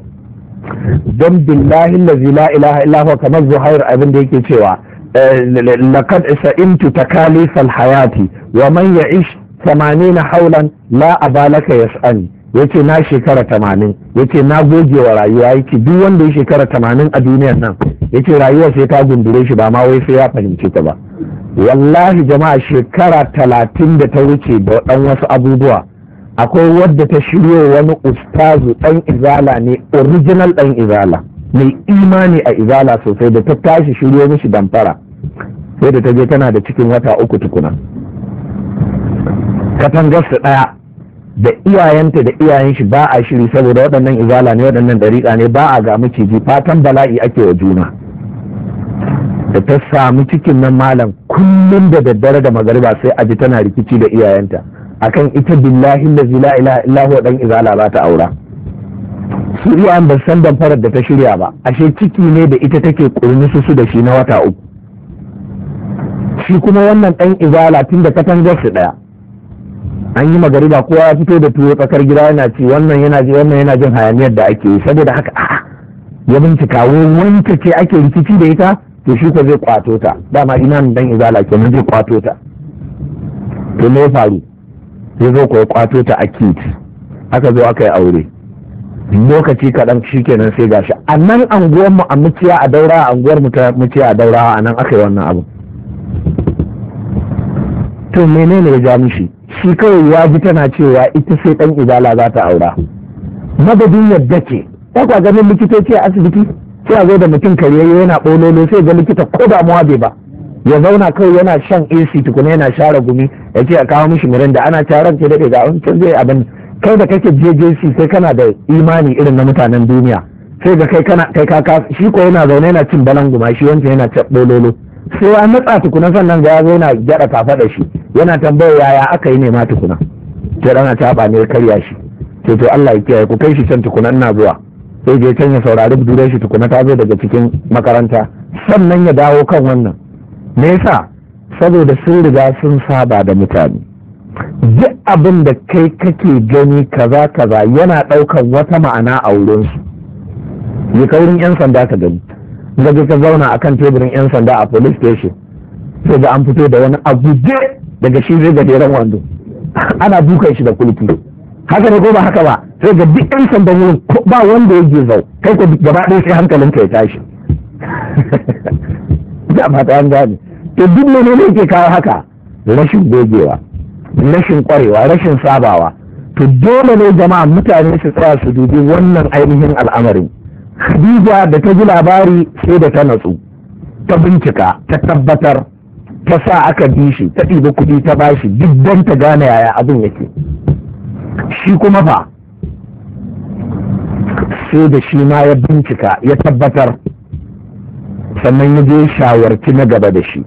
don billahi lazi la ilaha illa kamar zuhair abin da yake cewa لقد سئمت تكاليف الحياة ومن يعيش ثمانين حولا لا أبالك يسألني yace na shekara tamanin yace na goge wa rayuwa yake duk wanda ya shekara tamanin a duniyar nan yace rayuwa sai ta gundure shi ba ma wai sai ya fahimci ta ba wallahi jama'a shekara talatin da ta wuce da dan wasu abubuwa akwai wadda ta shiryo wani ustazu dan izala ne original dan izala mai imani a izala sosai da ta tashi shiryo mishi damfara sai da ta je tana da cikin wata uku tukuna katangarsu ɗaya da iyayenta da iyayen shi ba a shiri saboda waɗannan izala ne waɗannan ɗariƙa ne ba a ga maciji fatan bala'i ake wa juna da ta samu cikin nan malam kullum da daddare da magariba sai a ji tana rikici da iyayenta akan ita billahi la ilaha dan izala ba ta aura su iyayen ba san damfarar da ta shirya ba ashe ciki ne da ita take kurni su da shi na wata uku shi kuma wannan ɗan izala tun da katangar shi ɗaya an yi magariba kowa ya fito da tuwo tsakar gida yana ce wannan yana ji wannan yana jin hayaniyar da ake yi saboda haka a'a ya bincika wanke ce ake rikici da ita to shi ko zai kwato ta dama ina nan dan izala kenan zai kwato ta to me ya faru ya zo ko kwato ta a kit aka zo aka yi aure lokaci kaɗan shi kenan sai gashi a nan anguwar mu a muciya a daura a anguwar mu ta muciya a daura a nan aka yi wannan abin. to menene ya ja mishi shi kawai ya ji tana cewa ita sai dan ibala za ta aura madadin yadda ce ya kwa ganin likitoci a asibiti sai a zo da mutum karyayye yana bololo sai ga likita ko mu bai ba ya zauna kawai yana shan AC tukuna yana share gumi ya ce a kawo mishi mirin da ana taron ke daɗe ga wancan zai abin kai da kake JJC sai kana da imani irin na mutanen duniya sai ga kai kana kai ka shi ko yana zaune yana cin balanguma shi wancan yana bololo sai an matsa tukuna sannan ga ya zo yana gyara da shi yana tambayar yaya aka yi ne ma tukuna sai ɗana ta ne karya shi sai to Allah ya kiyaye ku kai shi can tukuna ina zuwa sai je can ya saurari budurai shi tukuna ta zo daga cikin makaranta sannan ya dawo kan wannan me yasa saboda sun riga sun saba da mutane duk abin da kai kake gani kaza kaza yana ɗaukan wata ma'ana a wurinsu je ka wurin 'yan sanda ka gani daga ka zauna akan teburin 'yan sanda a police station sai da an fito da wani abu je daga shi zai gajeren wando ana dukan shi da kulki haka ne ko ba haka ba sai ga duk yan sandan wurin ba wanda yake zau kai ko gaba ɗaya sai ka ya tashi da mata an gane to duk ne yake kawo haka rashin gogewa rashin kwarewa rashin sabawa to dole ne jama'a mutane su tsaya su dubi wannan ainihin al'amarin Khadija da ta ji labari sai da ta natsu ta bincika ta tabbatar ta sa aka bi shi ta ɗiba kuɗi ta ba shi duk don ta gane yaya abin yake shi kuma fa sai da shi ma ya bincika ya tabbatar sannan ya je shawarci na gaba da shi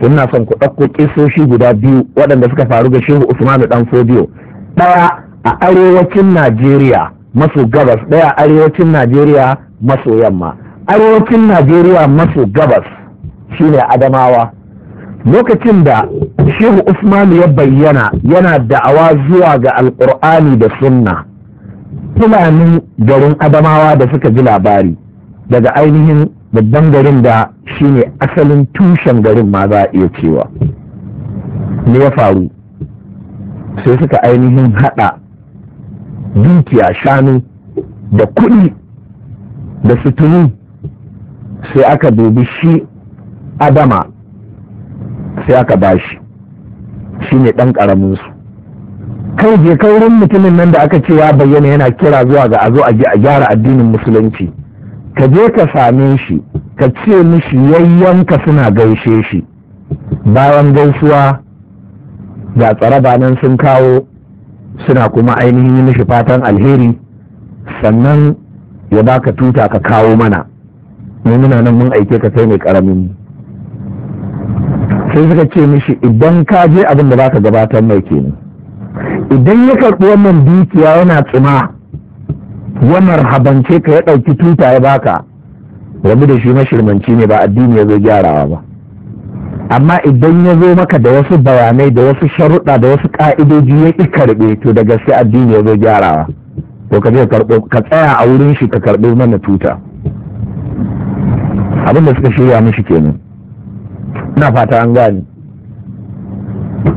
tun na son ku ɗauko ƙisoshi guda biyu waɗanda suka faru ga shehu usmanu ɗan fodiyo ɗaya a arewacin najeriya maso gabas ɗaya a arewacin najeriya maso yamma arewacin najeriya maso gabas shine adamawa lokacin da shehu Usmanu ya bayyana yana da'awa zuwa ga alkur'ani da sunna tunanin garin adamawa da suka ji labari daga ainihin babban garin da shine asalin tushen garin ma za a iya cewa ne ya faru sai suka ainihin hada dukiya shanu da kuɗi da sutuni sai aka dubi shi adama sai aka shi shine ɗan ƙaramin su kai je kaurin mutumin nan da aka ce ya bayyana yana kira zuwa ga a zo a gyara addinin musulunci ka je ka same shi ka ce mishi yayyanka suna gaishe shi bayan gaisuwa ga tsaraba nan sun kawo suna kuma ainihin mishi fatan alheri sannan ya baka tuta ka kawo mana mu muna nan mun aike ka kai mai karamin sai suka ce mishi idan ka je abin da baka gabatar mai kenan idan ya karɓi wannan dukiya yana tsima ya marhabance ka ya ɗauki tuta ya baka rabu da shi mashirmanci ne ba addini ya zo gyarawa ba amma idan ya zo maka da wasu bayanai da wasu sharuɗa da wasu ƙa'idoji ya ƙi karɓe to da gaske addini ya zo gyarawa to ka je ka tsaya a wurin shi ka karɓi mana tuta abin da suka shirya mishi kenan na fata an gani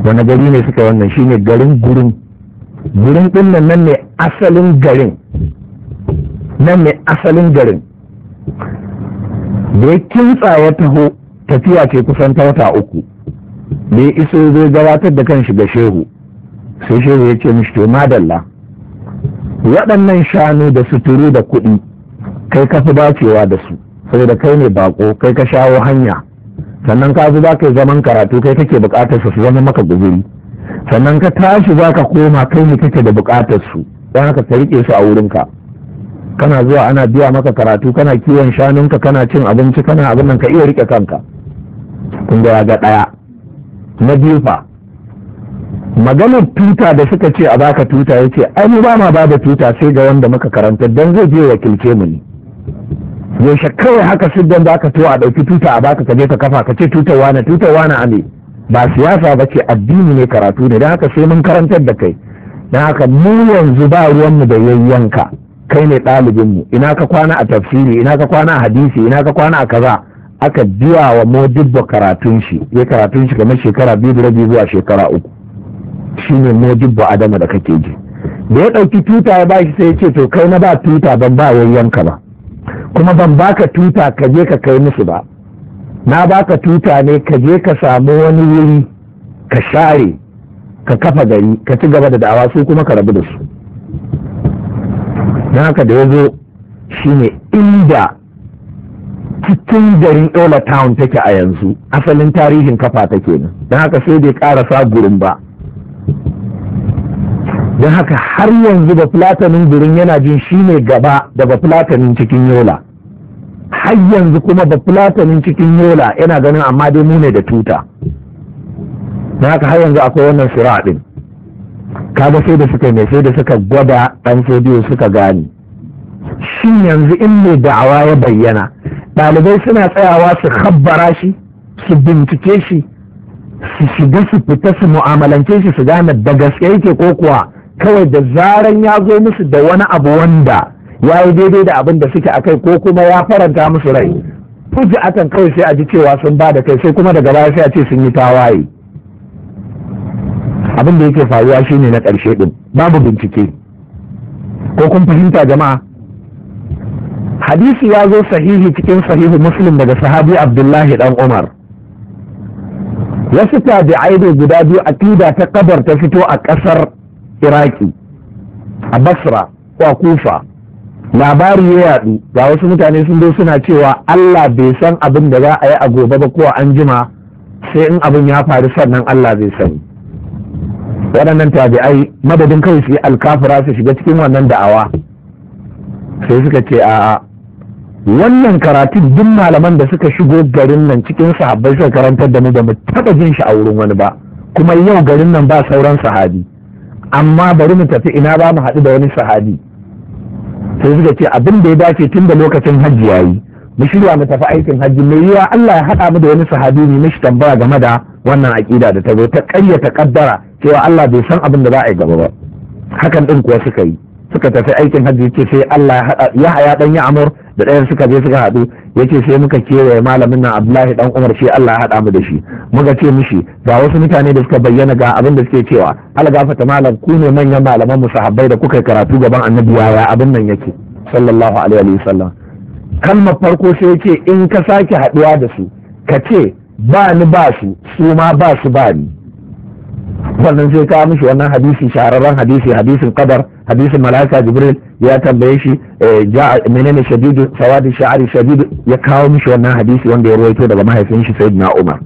wani gari ne suka wannan shine garin gurin gurin din nan ne asalin garin nan ne asalin garin da ya kintsa ya taho tafiya ce kusan ta wata uku da ya iso zai gabatar da kan shi ga shehu sai shehu ya ce mishi to madalla waɗannan shanu da suturu da kuɗi kai ka fi dacewa da su sai da kai ne bako kai ka shawo hanya sannan ka zuba kai zaman karatu kai kake bukatar su zama maka guzuri sannan ka tashi za ka koma kai ne kake da bukatar su don haka ka rike su a wurinka kana zuwa ana biya maka karatu kana kiwon shanunka kana cin abinci kana abin nan ka iya rike kanka kun ga ga daya na biyu fa maganar tuta da suka ce a baka tuta yace ai mu ba ma ba da tuta sai ga wanda muka karanta dan zai je wakilce mu ne yaushe kawai haka sudan za ka to a ɗauki tuta a baka ka je ka kafa ka ce tutar wane tutar wane a ne ba siyasa ba ce addini ne karatu ne don haka sai mun karantar da kai don haka mu yanzu ba ruwanmu da yayyanka kai ne ɗalibinmu ina ka kwana a tafsiri ina ka kwana a hadisi ina ka kwana a kaza aka biya wa modibbo karatun shi ya karatun shi kamar shekara biyu da rabi zuwa shekara uku shine modibbo adama da kake ji da ya ɗauki tuta ya ba shi sai ya ce to kai na ba tuta ban ba yayyanka ba kuma ban baka tuta ka je ka kai musu ba na baka tuta ne ka je ka samu wani wuri ka share ka kafa gari ka ci gaba da da'awa su kuma ka rabu da su don haka da ya zo shine inda cikin garin Ola Town take a yanzu asalin tarihin kafa take ne. don haka sai bai karasa gurin ba don haka har yanzu ba fulatanin birin yana jin shi ne gaba da ba fulatanin cikin yola har yanzu kuma ba fulatanin cikin yola yana ganin amma dai mu ne da tuta don haka har yanzu akwai wannan sura din kaga sai da suka mai sai da suka gwada ɗan sodiyo suka gane shi yanzu in mai da'awa ya bayyana ɗalibai suna tsayawa su habbara shi su bincike shi su shiga su fita su mu'amalance shi su gane da gaske yake ko kuwa kawai da zaran ya zo musu da wani abu wanda ya yi daidai da abin da suke a kai ko kuma ya faranta musu rai fuji akan kawai sai a ji cewa sun ba da kai sai kuma daga baya sai a ce sun yi tawaye abin da yake faruwa shi ne na ƙarshe ɗin babu bincike ko kun fahimta jama'a hadisi ya zo sahihi cikin sahihu muslim daga sahabi abdullahi dan umar wasu tabi'ai da guda biyu akida ta kabar ta fito a ƙasar iraki a basra ko a kufa labari ya yadu ga wasu mutane sun zo suna cewa allah bai san abin da za a yi a gobe ba ko an jima sai in abin ya faru sannan allah bai sani waɗannan tabi'ai madadin kawai su yi alkafira su shiga cikin wannan da'awa sai suka ce a wannan karatun duk malaman da suka shigo garin nan cikin sahabbai suka karantar da mu da mu taɓa jin shi a wurin wani ba kuma yau garin nan ba sauran sahabi amma bari mu tafi ina ba mu haɗu da wani sahabi sai suka ce abin da ya dace tun da lokacin hajji yayi mu shirya mu tafi aikin hajji mai yiwa Allah ya haɗa mu da wani sahabi ne mishi tambaya game da wannan aƙida da ta zo ta ƙaryata ƙaddara cewa Allah bai san abin da za a yi gaba ba hakan ɗin kuwa suka yi suka tafi aikin hajji ce sai Allah ya haya dan ya amur da ɗayan suka je suka haɗu Ya ce sai muka kewaye malamin nan Abdullahi dan Umar shi Allah ya haɗa mu da shi muka ce mishi ga wasu mutane da suka bayyana ga abin da suke cewa algafata malam ku ne manyan malaman mu sahabbai da kuka karatu gaban annabi ya abin nan yake sallallahu alaihi wa sallam kalmar farko sai yace in ka sake haɗuwa da su ka ce ba ni ba su su ma ba su ba ni wannan sai ka mishi wannan hadisi shahararren hadisi hadisin qadar hadisin malaika jibril ya tambaye shi eh, ja menene shadidu sawadi sha'ari shadidu ya kawo mishi wannan hadisi wanda ya ruwaito daga mahaifin shi sayyidina umar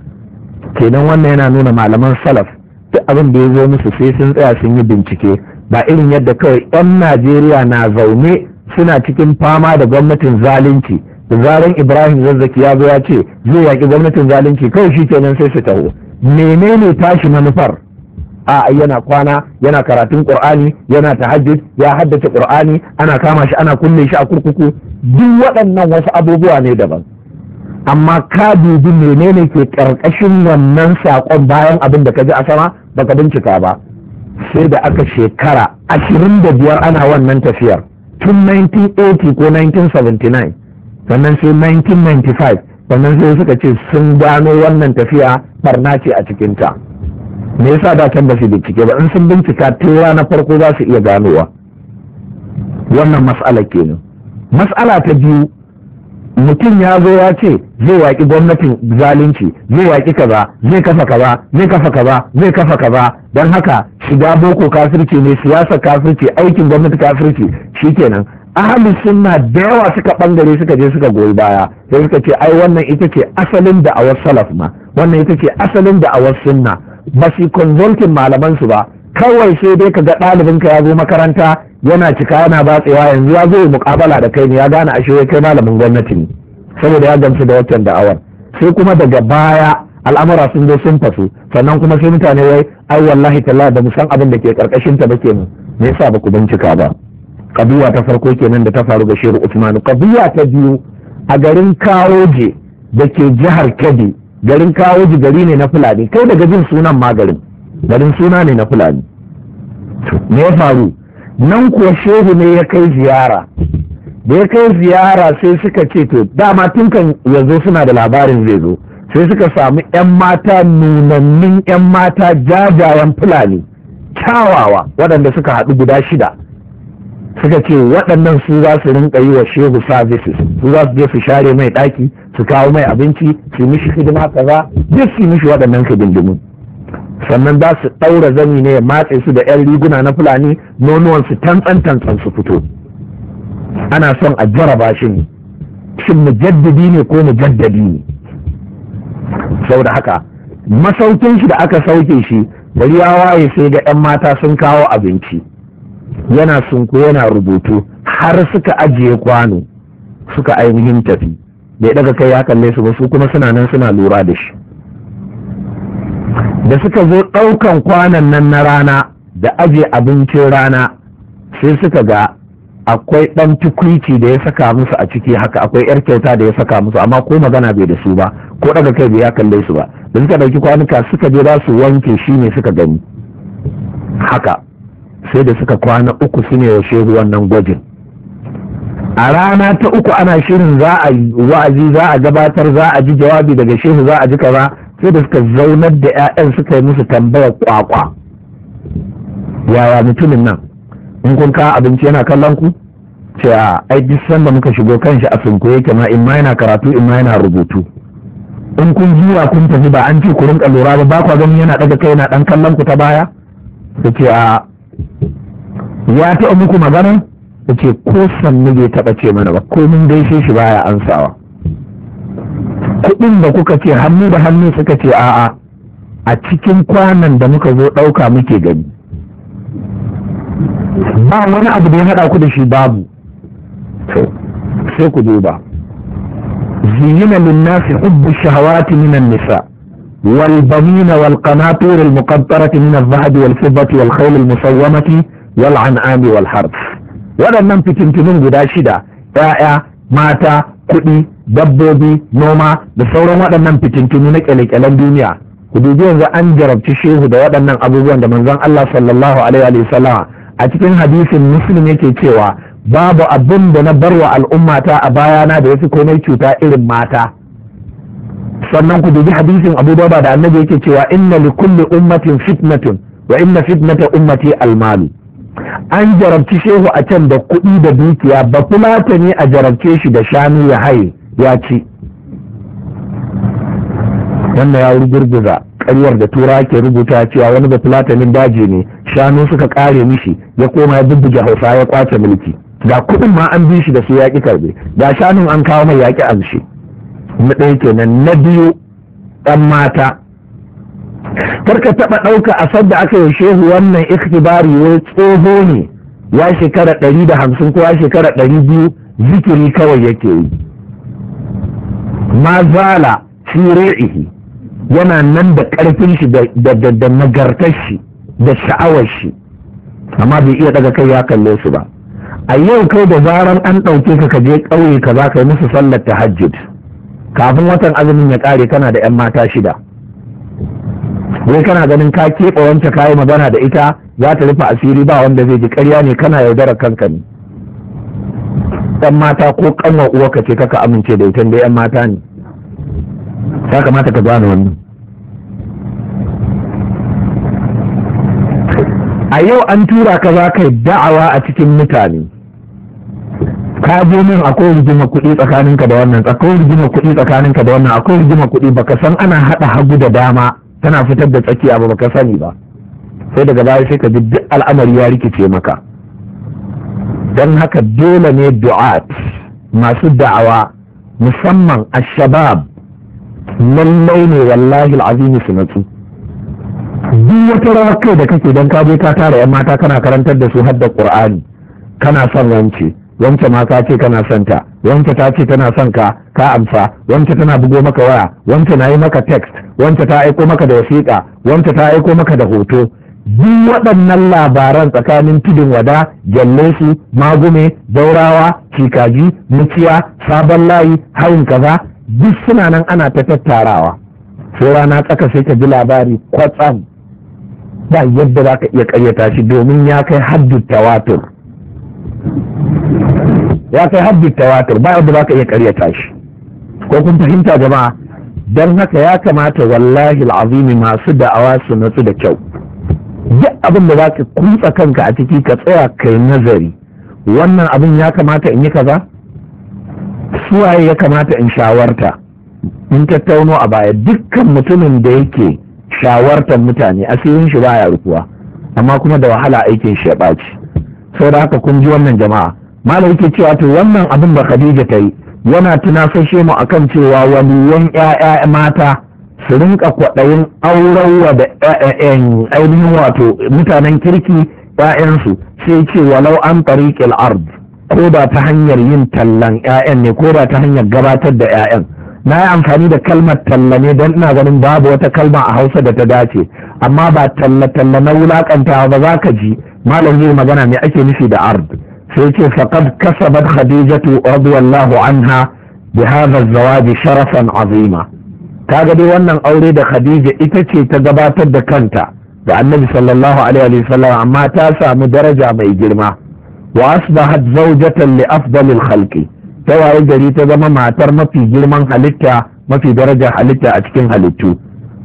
kenan wannan yana nuna malaman salaf duk abin da ya zo musu sai sun tsaya sun yi bincike ba irin yadda kawai 'yan najeriya na zaune suna cikin fama da gwamnatin zalunci da zaran ibrahim zazzaki ya zo ya ce zai yaƙi gwamnatin zalunci kawai shi kenan sai su taho menene tashi manufar a yana kwana yana karatun ƙur'ani, yana tahajjud ya haddace ƙur'ani, ana kama shi ana kulle shi a kurkuku duk waɗannan wasu abubuwa ne daban amma ka dubi menene ke ƙarƙashin wannan sakon bayan abin da ka ji a sama baka bincika ba sai da aka shekara ashirin da biyar ana wannan tafiyar tun 1980 ko 1979 sannan sai 1995 sannan sai suka ce sun gano wannan tafiya barna ce a cikinta. me yasa da kan da su bincike ba in sun bincika tun rana farko za su iya ganowa wannan mas'ala kenan mas'ala ta biyu mutum ya zo ya ce zai waƙi gwamnatin zalunci zai waƙi kaza zai kafa kaza zai kafa kaza zai kafa kaza don haka shiga boko kafirci ne siyasa kafirci aikin gwamnati kafirci kenan ahalin sunna da yawa suka bangare suka je suka goyi baya sai suka ce ai wannan ita ce asalin da awar salaf ma wannan ita ce asalin da awar sunna ba su consulting malaman su ba kawai sai dai ka ga ɗalibinka ya zo makaranta yana cika yana batsewa yanzu ya zo mukabala da kai ne ya gane ashe kai malamin gwamnati ne saboda ya gamsu da waccan da'awar sai kuma daga baya al'amura sun zo sun fasu sannan kuma sai mutane wai ai wallahi talla da musan abin da ke karkashin ta bake mu me yasa ba ku bincika ba kabiya ta farko kenan da ta faru ga shiru Usman kabiya ta biyu a garin Kawoje da ke jihar Kebbi garin kawo ji gari ne na fulani kai daga jin sunan ma garin garin suna ne na fulani me ya faru nan kuwa shehu ne ya kai ziyara da ya kai ziyara sai suka ce to dama tun kan yanzu suna da labarin zai zo sai suka samu 'yan mata nunannin 'yan mata jajayen fulani kyawawa waɗanda suka haɗu guda shida suka ce waɗannan su za su rinka yi wa shehu services su za su je su share mai ɗaki su kawo mai abinci su mishi hidima kaza duk su mishi waɗannan hidindimu sannan za su ɗaura zami ne ya matse su da 'yan riguna na fulani nonuwan su tantsan su fito ana son a jaraba shi ne shin mujaddadi ne ko mu mujaddadi ne saboda haka masaukin shi da aka sauke shi bari ya waye sai ga 'yan mata sun kawo abinci yana sunku yana rubutu har suka ajiye kwano suka ainihin tafi bai daga kai ya kalle su ba su kuma suna nan suna lura da shi da suka zo ɗaukan kwanan nan na rana da ajiye abincin rana sai suka ga akwai ɗan tukwici da ya saka musu a ciki haka akwai yar kyauta da ya saka musu amma ko magana bai da su ba ko daga kai bai ya kalle su ba da suka ɗauki kwanuka suka je za su wanke shi ne suka gani haka sai da suka kwana uku su ne yaushe ruwan wannan gwajin a rana ta uku ana shirin za a wa'azi za a gabatar za a ji jawabi daga shehu za a ji kaza sai da suka zaunar da 'ya'yan suka yi musu tambaya kwakwa yaya mutumin nan in kun kawo abinci yana kallon ku ce a ai duk sanda muka shigo kanshi a sunko yake ma in ma yana karatu in ma yana rubutu in kun jira kun tafi ba an ce ku rinka lura ba ba kwa ganin yana ɗaga kai yana dan kallon ku ta baya da ce a ya taɓa muku magana da ce ko sannu bai taɓa ce mana ba ko mun gaishe shi baya ansawa kuɗin da kuka ce hannu da hannu suka ce a'a a cikin kwanan da muka zo ɗauka muke gani ba wani abu da ya haɗa ku da shi babu to sai ku duba lin linnasi hubbu shahawati minan nisa' والبنين والقناطير المقنطرة من الذهب والفضة والخيل المسومة والعنعام والحرث waɗannan fitintunin guda shida ‘ya'ya mata kuɗi dabbobi noma da sauran waɗannan fitintunu na ƙyale-ƙyalen duniya ku dubi yanzu an jarabci shehu da waɗannan abubuwan da manzon Allah sallallahu alaihi wa a cikin hadisin muslim yake cewa babu abin da na barwa al'ummata a bayana da yafi komai cuta irin mata sannan ku dubi hadisin abu da da annabi yake cewa inna li kulli ummatin fitnatun wa inna fitnata ummati almalu an jarabci shehu a can da kuɗi da dukiya ba fulata ne a jarabce shi da shanu ya haye ya ci wannan ya da karyar da tura ke rubuta cewa wani da fulatanin daji ne shanu suka kare mishi ya koma ya bubbuge hausa ya kwace mulki ga kuɗin ma an bi shi da su yaƙi karbe ga shanun an kawo mai yaƙi amshi na ɗaya kenan na biyu ɗan mata karka taɓa ɗauka a sadda aka yi shehu wannan ikhtibari wai tsoho ne ya shekara ɗari da hamsin ko ya shekara ɗari biyu zikiri kawai yake yi mazala zala fi yana nan da ƙarfin shi da nagartar shi da sha'awar shi amma bai iya daga kai ya kalle su ba a yau kai da zaran an ɗauke ka ka je ƙauye ka za ka yi musu sallar tahajjud kafin watan azumin ya kare kana da 'yan mata shida wai kana ganin ka keɓe wancan kayi magana da ita za ta rufe asiri ba wanda zai ji karya ne kana yaudara kanka ne ɗan mata ko ƙanwa uwarka ce kaka amince da ita da 'yan mata ne ya kamata ka gane wannan a yau an tura ka za ka yi da'awa a cikin mutane ka je min akwai rigima kuɗi tsakaninka da wannan akwai rigima kuɗi tsakaninka da wannan akwai rigima kuɗi baka san ana haɗa hagu da dama tana fitar da tsakiya ba baka sani ba sai daga baya sai ka ji duk al'amari ya rikice maka don haka dole ne du'at masu da'awa musamman ashabab lallai ne wallahi al'azim su natsu duk wata rawar kai da kake don ka je ka tara 'yan mata kana karantar da su hadda qur'ani kana son wance wanta ma ka ce kana son ta wanta ta ce tana son ka ka amsa wance tana bugo maka waya wance na yi maka text wance ta aiko maka da wasiƙa wance ta aiko maka da hoto duk waɗannan labaran tsakanin tudun wada jallesu magume daurawa cikaji muciya sabon layi hayin kaza duk suna nan ana ta tattarawa sai rana tsaka sai ka ji labari kwatsam ba yadda za ka iya karyata shi domin ya kai haddin tawatur ya kai haddi tawatur ba yadda ka iya karyata shi ko kun fahimta jama'a dan haka ya kamata wallahi al'azimi masu da'awa su nutsu da kyau duk abin da ka kuntsa kanka a ciki ka tsaya kai nazari wannan abin ya kamata in yi kaza suwaye ya kamata in shawarta in tattauno a baya dukkan mutumin da yake shawartar mutane asirin shi baya rufuwa amma kuma da wahala aikin shi ya ɓaci saboda haka kun ji wannan jama'a malam yake cewa to wannan abin da khadija ta yi yana tunasashe mu akan cewa waliyan 'ya'ya mata su rinka kwaɗayin aurarwa da ainihin wato mutanen kirki ‘ya'yansu sai ce walau an tariƙil ard ko da ta hanyar yin tallan ‘ya'yan ne ko da ta hanyar gabatar da ‘ya'yan na yi amfani da kalmar talla ne don ina ganin babu wata kalma a hausa da ta dace amma ba talla talla na wulakantawa ba za ka ji malam zai magana me ake nufi da ard sai ce faqad kasabat khadijatu radiyallahu anha bi hadha az-zawaj sharafan azima kaga dai wannan aure da khadija ita ce ta gabatar da kanta da annabi sallallahu alaihi wa sallam amma ta samu daraja mai girma wa asbahat zawjatan li afdalil khalqi ta waye gari ta zama matar mafi girman halitta mafi darajar halitta a cikin halittu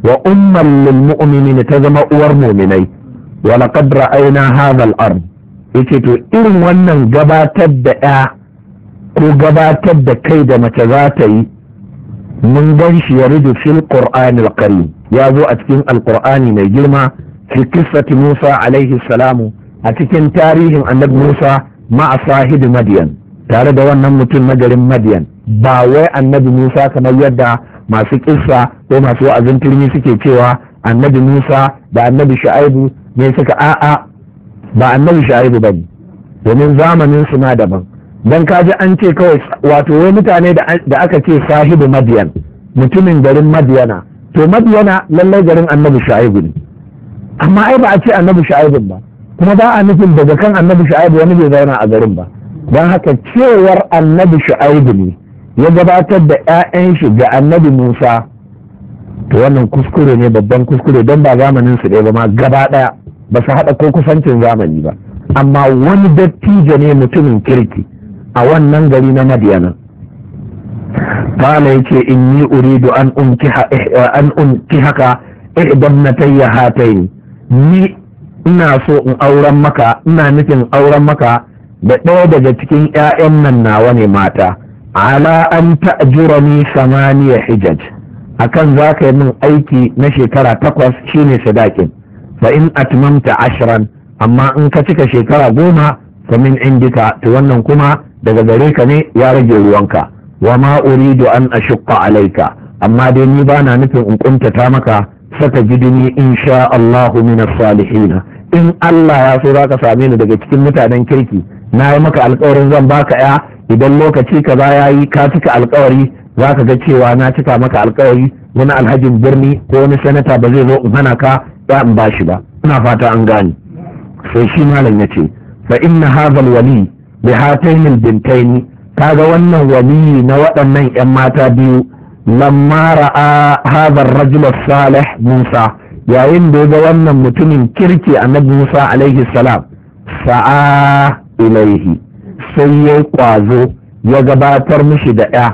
wa umman lil mu'minin ta zama uwar mu'minai wa laqad ra'ayna hadha al-ard to irin wannan gabatar da ya ko gabatar da kai da mace za ta yi mun gan shi ya rudu fil qur'anil karim ya zo a cikin alƙur'ani mai girma fi qissati musa alaihi salamu a cikin tarihin annabi musa ma'a sahibi madiyan tare da wannan mutum na garin madiyan ba wai annabi musa kamar yadda masu kissa ko masu wa'azin turmi suke cewa annabi musa da annabi shu'aibu ne suka a'a ba annabi shaibu ba ne domin zamanin su na daban dan kaji an ce kawai wato wai mutane da aka ce sahibu madiyan mutumin garin madiyana to madiyana lallai garin annabi shaibu ne amma ai ba a ce annabi shaibu ba kuma ba a nufin daga kan annabi shaibu wani bai zauna a garin ba don haka cewar annabi shaibu ne ya gabatar da 'ya'yan shi ga annabi musa to wannan kuskure ne babban kuskure don ba zamanin su ɗaya ba ma gaba ɗaya ba su haɗa ko kusancin zamani ba amma wani dattijo ne mutumin kirki a wannan gari na madiyana kala yake in yi uridu an unki eh, haka ihdan na tayya hatayi ni ina so in auren maka ina nufin auren maka da ɗaya daga cikin 'ya'yan nan nawa ne mata ala an ni samaniya hijaj akan za ka yi min aiki na shekara takwas shine sadakin fa in atmamta ashiran. amma in ka cika shekara goma fa min indika to wannan kuma daga gare ka ne ya rage ruwanka wa ma uridu an ashqa alayka amma dai ni ba na nufin in kuntata maka saka jidini insha Allahu min salihin in Allah ya so zaka same ni daga cikin mutanen kirki na yi maka alkawarin zan baka ya idan lokaci ka kaza yayi ka cika alkawari zaka ga cewa na cika maka alkawari wani alhajin birni ko wani sanata ba zai zo in hana ka ba in ba shi ba ina fata an gane sai shi malam ya ce fa inna hazal wali bi hatayn bintaini kaga wannan wali na waɗannan yan mata biyu lamma ra'a hazal rajul salih musa yayin da ga wannan mutumin kirki annabi musa alaihi salam sa'a ilaihi sai ya kwazo ya gabatar mishi da ya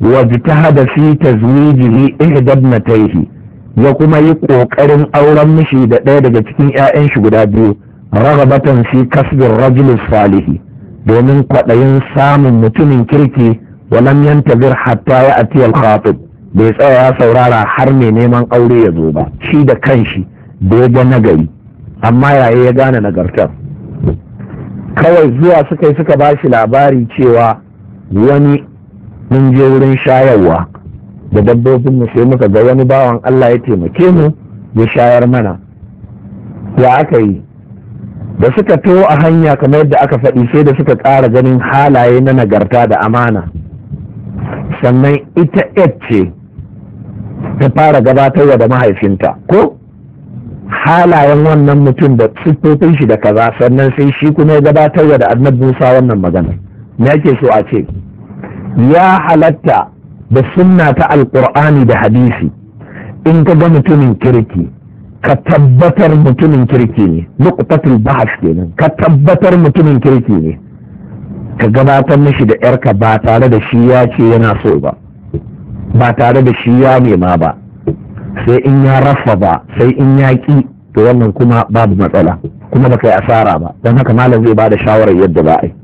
wajtahada fi tazwijihi ihdabnatayhi ya kuma yi ƙoƙarin auren mishi da ɗaya daga cikin 'ya'yan shi guda biyu ragabatan fi kasbin rajulis falihi domin kwaɗayin samun mutumin kirki walam yantazir hatta ya atiyal khatib bai tsaya ya saurara har mai neman aure ya zo ba shi da kanshi da ya nagari amma yaye ya gane nagartar kawai zuwa suka yi suka ba shi labari cewa wani mun je wurin shayarwa da dabbobin mu sai muka ga wani bawan Allah ya taimake mu ya shayar mana ya aka yi da suka to a hanya kamar yadda aka faɗi sai da suka ƙara ganin halaye na nagarta da amana sannan ita ce ta fara gabatarwa da mahaifinta ko halayen wannan mutum da siffofin shi da kaza sannan sai shi kuma ya gabatarwa da annabi Musa wannan magana me ke so a ce ya halatta da sunna ta Alkur'ani da hadisi in ka ga mutumin kirki ka tabbatar mutumin kirki ne nuqtatul bahas kenan ka tabbatar mutumin kirki ne ka gabatar mishi da yarka ba tare da shi ya ce yana so ba ba tare da shi ya nema ba sai in ya rafa ba sai in ya ki to wannan kuma babu matsala kuma baka asara ba don haka malam zai bada shawarar yadda za a yi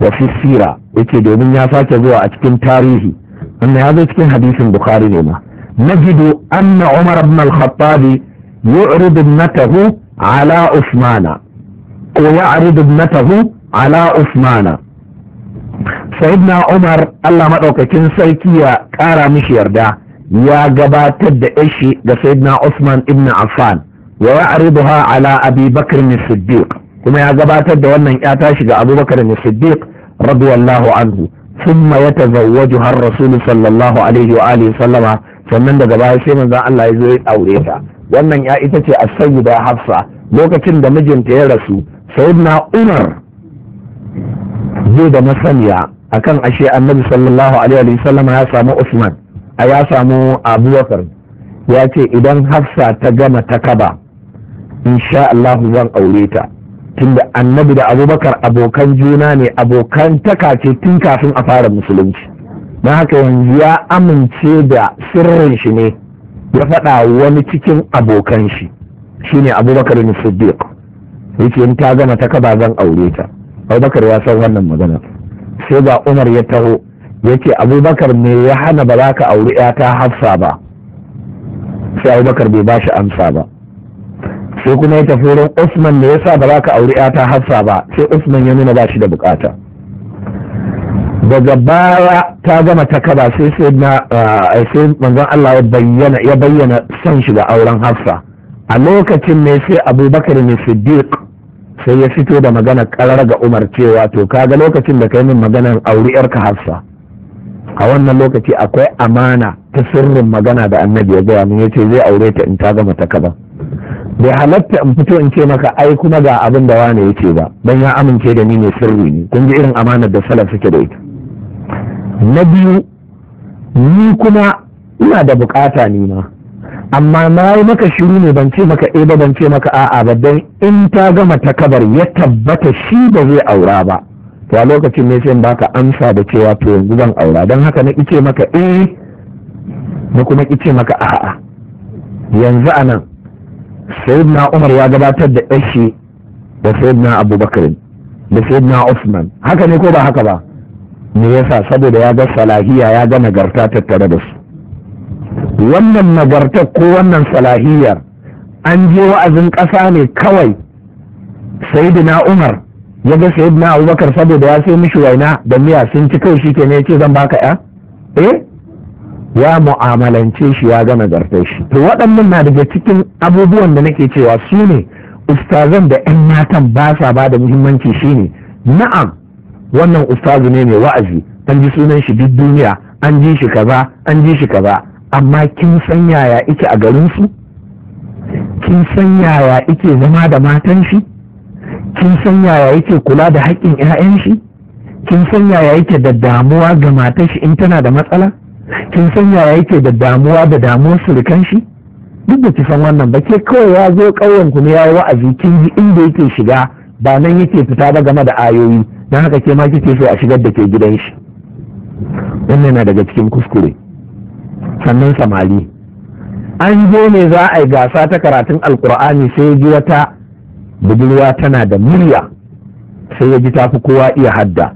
wa fi sira yake domin ya sake zuwa a cikin tarihi wanda ya zo cikin hadisin bukhari ne ma najidu anna umar ibn al-khattab yu'ridu ibnatahu ala usmana ko ya'ridu ibnatahu ala usmana sayyidina umar Allah madaukakin sarki ya kara mishi yarda ya gabatar da ishi ga sayyidina usman ibn affan wa ya'riduha ala abi bakr as-siddiq kuma ya gabatar da wannan ya tashi ga abubakar as-siddiq radiyallahu anhu ثم يتزوجها الرسول صلى الله عليه وآله وسلم sannan daga baya sai manzon Allah ya zo ya aure ta wannan ya ita ce as-sayyida Hafsa lokacin da mijinta ya rasu sayyidina Umar zai da masaniya akan ashe annabi sallallahu alaihi wa sallam ya samu Usman a ya samu Abubakar ya ce idan Hafsa ta gama takaba insha Allah zan aure ta tunda annabi da abubakar abokan juna ne abokan ce tun kafin a fara musulunci don haka yanzu ya amince da sirrin shi ne ya faɗa wani cikin abokan shi shine abubakar ne siddiq yake in ta gama ta kaba zan aure ta abubakar ya san wannan magana sai ga umar ya taho ya ce abubakar me ya hana ba za ka auri 'ya ta hafsa ba sai abubakar bai ba shi amsa ba sai kuma ya tafi wurin usman ne yasa ba za ka auri ta hafsa ba sai usman ya nuna ba shi da bukata daga baya ta gama kaba sai sai na eh, sai manzon Allah ya bayyana ya bayyana son shi ga auren hafsa a lokacin ne sai abubakar ne siddiq sai ya fito da magana karar ga umar cewa to kaga lokacin da ka yi min maganar auri yarka hafsa a wannan lokaci akwai amana ta sirrin magana da annabi ya gaya min yace zai aure ta in ta gama ta kaba. bai halatta in fito in ce maka ai kuma ga abin da wane ya ce ba don ya amince da ni mai sirri ne kun ji irin amanar da salaf suke da ita na biyu ni kuma ina da bukata ni ma amma na yi maka shiru ne ban ce maka eh ba ban ce maka a'a ba don in ta gama ta kabar ya tabbata shi ba zai aura ba to a lokacin ne sai baka amsa da cewa to yanzu zan aura don haka na ce maka eh na kuma kice maka a'a yanzu a nan. sayyidina umar ya gabatar da yashi da sayyidina abubakar da sayyidina usman haka ne ko ba haka ba me yasa saboda ya ga salahiya ya ga nagarta tattare da su wannan nagartar ko wannan salahiyar an je wa'azin ƙasa ne kawai sayyidina umar ya ga sayyidina abubakar saboda ya sai mishi waina da miya sun ci kai shi ke ne ya ce zan baka ya eh ya mu'amalance shi ya gama zartar shi to waɗannan na daga cikin abubuwan da nake cewa su ne ustazan da 'yan matan ba sa ba da muhimmanci shine na'am wannan ustazu ne mai wa'azi an ji sunan shi duk duniya an ji shi kaza an ji shi kaza amma kin san yaya ike a garin su kin san yaya ike zama da matan shi kin san yaya ike kula da haƙƙin 'ya'yan shi kin san yaya ike da damuwa ga matar shi in tana da matsala kin san yaya yake da damuwa da damuwar surukan shi duk da kisan wannan ba ke kawai ya zo ƙauyen ku ne ya yi wa'azi kin ji inda yake shiga ba nan yake fita ba game da ayoyi don haka ke ma kike so a shigar da ke gidan shi wannan na daga cikin kuskure sannan samari an zo ne za a yi gasa ta karatun alkur'ani sai ya ji wata budurwa tana da murya sai ya ji tafi kowa iya hadda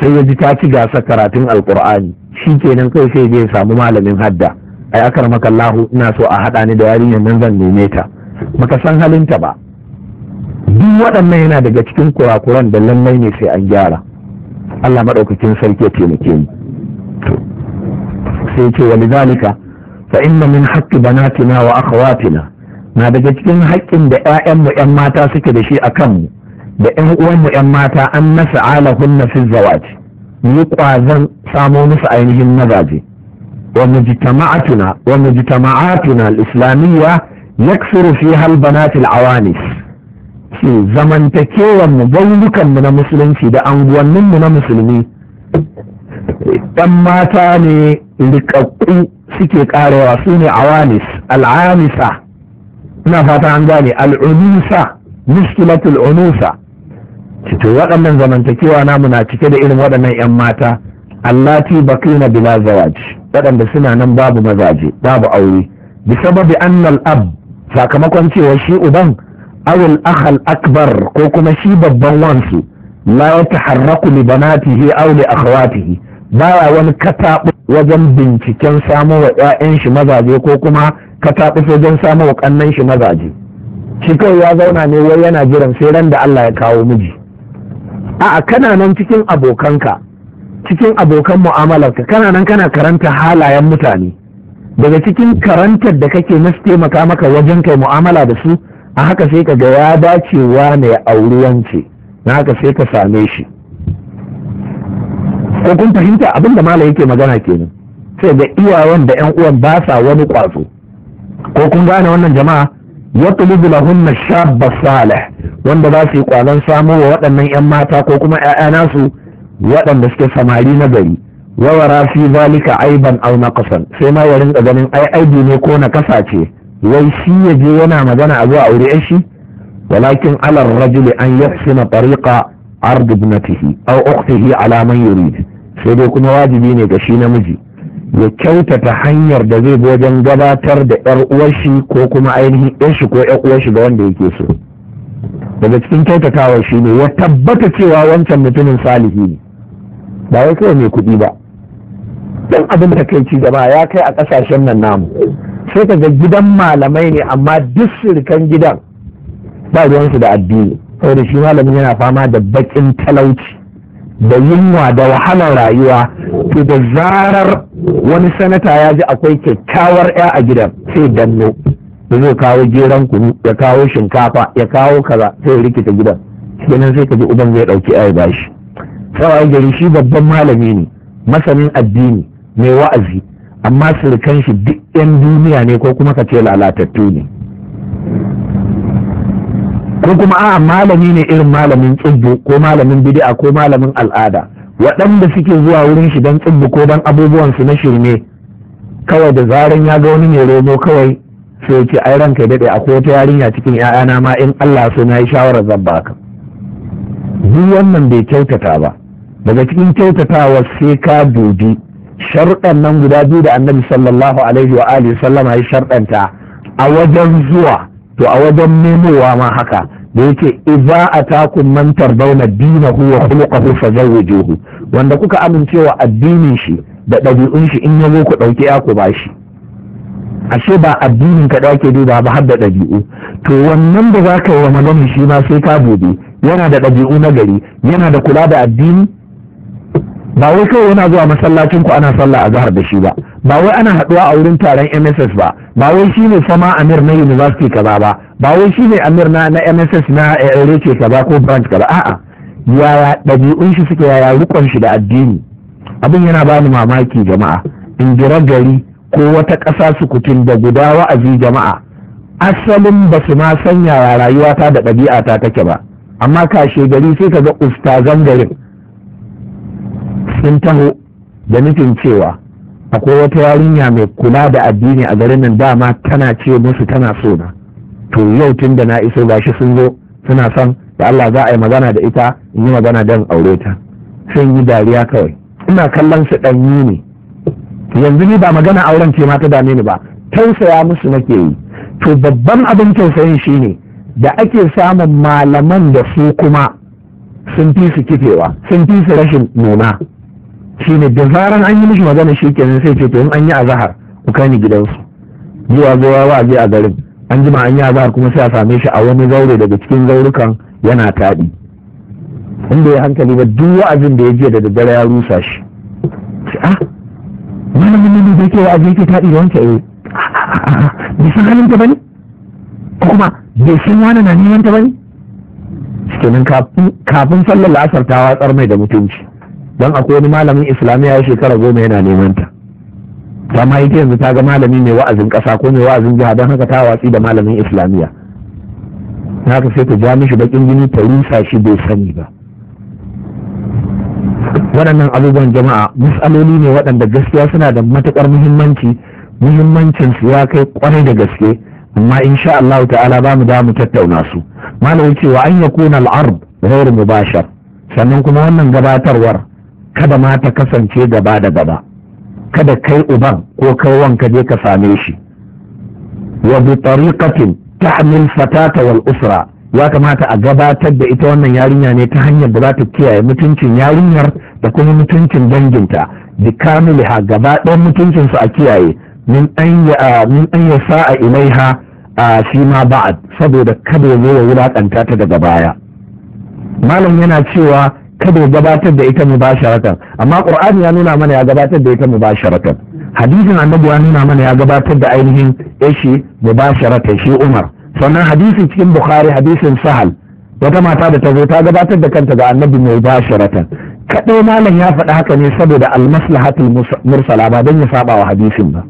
sai ya ji ta ci gasa karatun alkur'ani shi kenan kai sai zai samu malamin hadda ai akar maka Allahu ina so a haɗa ni da yarinyar nan zan neme ta maka san ta ba duk waɗannan yana daga cikin kurakuran da lallai ne sai an gyara Allah maɗaukakin sarki ya taimake ni. sai ce wani zalika fa inna min haqqi banatina wa akhawatina na daga cikin haƙƙin da mu 'yan mata suke da shi a kanmu da yan uwanmu yan mata an nasa na fi zawaj mu kwazan samo musu ainihin mazaje wa mujtama'atuna wa mujtama'atuna al-islamiyya yaksuru fiha al awanis shi zamantakewan mu zaulukan mu na musulunci da anguwannin mu na musulmi yan mata ne rikakku suke karewa su ne awanis al'amisa ina fata an gane al'unusa muskilatul unusa Cikin waɗannan zamantakewa namu na cike da irin waɗannan 'yan mata allati bakina bila zawaj waɗanda suna nan babu mazaje babu aure bi sababi annal ab sakamakon cewa shi uban awul akhal akbar ko kuma shi babban wansu la yataharraku li banatihi aw li akhawatihi baya wani katabu wajen binciken samo wa 'ya'yan shi mazaje ko kuma katabu wajen samu wa kannan shi mazaje shi kawai ya zauna ne wai yana jiran sai ran da Allah ya kawo miji a'a kana nan cikin abokanka cikin abokan mu'amalarka kana nan kana karanta halayen mutane daga cikin karantar da kake na taimaka maka wajen kai mu'amala da su a haka sai ka ga ya dacewa ne auruwanci na haka sai ka same shi ko kun fahimta abin da Malami yake magana kenan sai ga iyawan da yan uwan ba sa wani kwazo ko kun gane wannan jama'a yatlubu lahunna shabba salih wanda za su yi kwazon samo wa waɗannan 'yan mata ko kuma 'ya'ya nasu waɗanda suke samari na gari wawara rafi zalika aiban au naqasan sai ma ya rinka ganin ai aibi ne ko na ce wai shi ya je yana magana a zuwa aure shi walakin ala rajuli an yahsina tariqa ard ibnatihi aw ukhtihi ala man yurid sai dai kuma wajibi ne ga shi namiji ya kyautata hanyar da zai bi wajen gabatar da yar uwar shi ko kuma ainihin yar shi ko yar uwar shi ga wanda yake so daga cikin kyautatawa shi ne ya tabbata cewa wancan mutumin salihi ne ba wai kawai mai kuɗi ba don abin da kai gaba ya kai a ƙasashen nan namu sai ka ga gidan malamai ne amma duk sirikan gidan ba ruwansu da addini saboda shi malamin yana fama da baƙin talauci da yunwa da wahalar rayuwa to da zarar wani sanata ya ji akwai kyakkyawar 'ya a gidan sai danno da zai kawo geran kunu ya kawo shinkafa ya kawo kaza sai ya rikita gidan kenan sai ka ji uban zai dauki ayi bashi sai gari shi babban malami ne masanin addini mai wa'azi amma surukan shi duk yan duniya ne ko kuma ka ce lalatattu ne ko kuma a'a malami ne irin malamin tsubbu ko malamin bid'a ko malamin al'ada waɗanda suke zuwa wurin shi don tsubbu ko don abubuwansu na shirme kawai da zaran ya ga wani mai romo kawai sai ya ce ai ranka daɗe akwai wata yarinya cikin 'ya'yana ma in Allah so na yi shawarar zan baka duk wannan bai kyautata ba daga cikin kyautatawa sai ka dubi sharɗan nan guda biyu da annabi sallallahu alaihi wa alihi sallama ya sharɗanta a wajen zuwa to a wajen nemowa ma haka da yake idza atakum man dina dinahu wa khuluquhu fazawwijuhu wanda kuka amincewa addinin shi da ɗabi'un shi in yazo ku ɗauki ya ku bashi ashe ba addinin ka da ake duba ba har da ɗabi'u to wannan da za ka yi wa magana shi ma sai ka bude yana da ɗabi'u na gari yana da kula da addini ba wai kawai yana zuwa masallacin ku ana sallah a zahar da shi ba ba wai ana haɗuwa a wurin taron MSS ba ba wai ne sama Amir na university kaza ba ba wai ne Amir na na MSS na eh, reke kaza ko branch kaza a'a yaya ɗabi'un shi suke yaya rukon shi da addini abin yana bani mamaki jama'a in gari ko wata ƙasa sukutun da guda wa'azi jama'a asalin ba su ma sanya ta da ɗabi'ata take ba amma kashe gari sai ka ga ustazan garin sun taho da nufin cewa akwai wata yarinya mai kula da addini a garin nan dama tana ce musu tana so na to yau tun da na iso gashi sun zo suna son da Allah za a yi magana da ita in yi magana don aure ta sun yi dariya kawai ina kallon su ɗanyi ne yanzu ni ba magana auren ce ma ta dame ni ba tausaya musu nake yi to babban abin tausayin shine da ake samun malaman da su kuma sun fi su kifewa sun fi su rashin nuna shine da zaran an yi mishi magana shi kenan sai ce to in an yi azahar ku kai gidansu zuwa zuwa wa je a garin an jima an yi azahar kuma sai a same shi a wani zaure daga cikin zaurukan yana taɗi inda ya hankali ba duk wa'azin da ya je da daddare ya rusa shi ah, malamin nan da yake wa'azi ke ta da wancan eh bai san halin ta bane kuma bai san wani na neman ta bane kenan kafin sallar la'asar ta watsar mai da mutunci don akwai wani malamin islamiyya ya shekara goma yana neman ta ta ma ita yanzu ta ga malami mai wa'azin ƙasa ko mai wa'azin jiha don haka ta watsi da malamin islamiyya haka sai ta ja mishi bakin jini ta rusa shi bai sani ba waɗannan abubuwan jama'a matsaloli ne waɗanda gaskiya suna da matuƙar muhimmanci muhimmancin su ya kai kwarai da gaske amma sha Allah ta'ala ba mu da mu tattauna su malamin cewa an yakuna al-ard ghayr mubashar sannan kuma wannan gabatarwar kada ma ta kasance gaba da gaba kada kai uban ko kai wanka je ka same shi wa bi tariqatin ta'mil fatata wal usra ya kamata a gabatar da ita wannan yarinya ne ta hanyar da za ta kiyaye mutuncin yarinyar da kuma mutuncin danginta bi kamiliha gaba ɗayan mutuncinsu a kiyaye min an ya sa'a ilaiha a shi ma ba'ad saboda kada ya ya wulakanta ta daga baya malam yana cewa kada ya gabatar da ita mubasharatan amma qur'ani ya nuna mana ya gabatar da ita mubasharatan hadisin annabi ya nuna mana ya gabatar da ainihin yashi mubasharatan shi umar sannan hadisi cikin bukhari hadisin sahal wata mata da ta zo ta gabatar da kanta ga annabi mai basharatan kadai malam ya faɗi haka ne saboda almaslahatul mursala ba don ya saba wa hadisin ba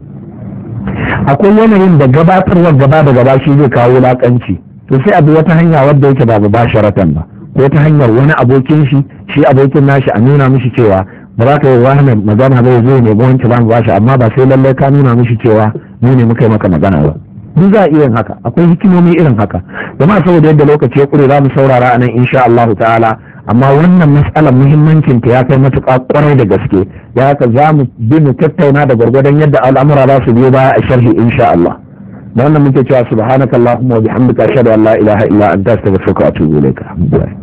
akwai yanayin da gabatarwar gaba da gaba shi zai kawo lakanci to sai abu wata hanya wadda yake ba sharatan ba ko ta hanyar wani abokin shi shi abokin nashi a nuna mishi cewa ba za ka yi wani magana ba zai ne ba wanke ba mu bashi amma ba sai lallai ka nuna mishi cewa mu ne muka yi maka magana ba duk za a yin haka akwai hikimomi irin haka jama'a saboda yadda lokaci ya kure za mu saurara anan insha Allah ta'ala amma wannan matsalar muhimmancin ta ya kai matuƙa kwarai da gaske ya haka za mu bi mu tattauna da gwargwadon yadda al'amura za su biyo baya a sharhi insha Allah da wannan muke cewa subhanakallahumma wa bihamdika ashhadu an la ilaha illa anta astaghfiruka wa atubu ilaik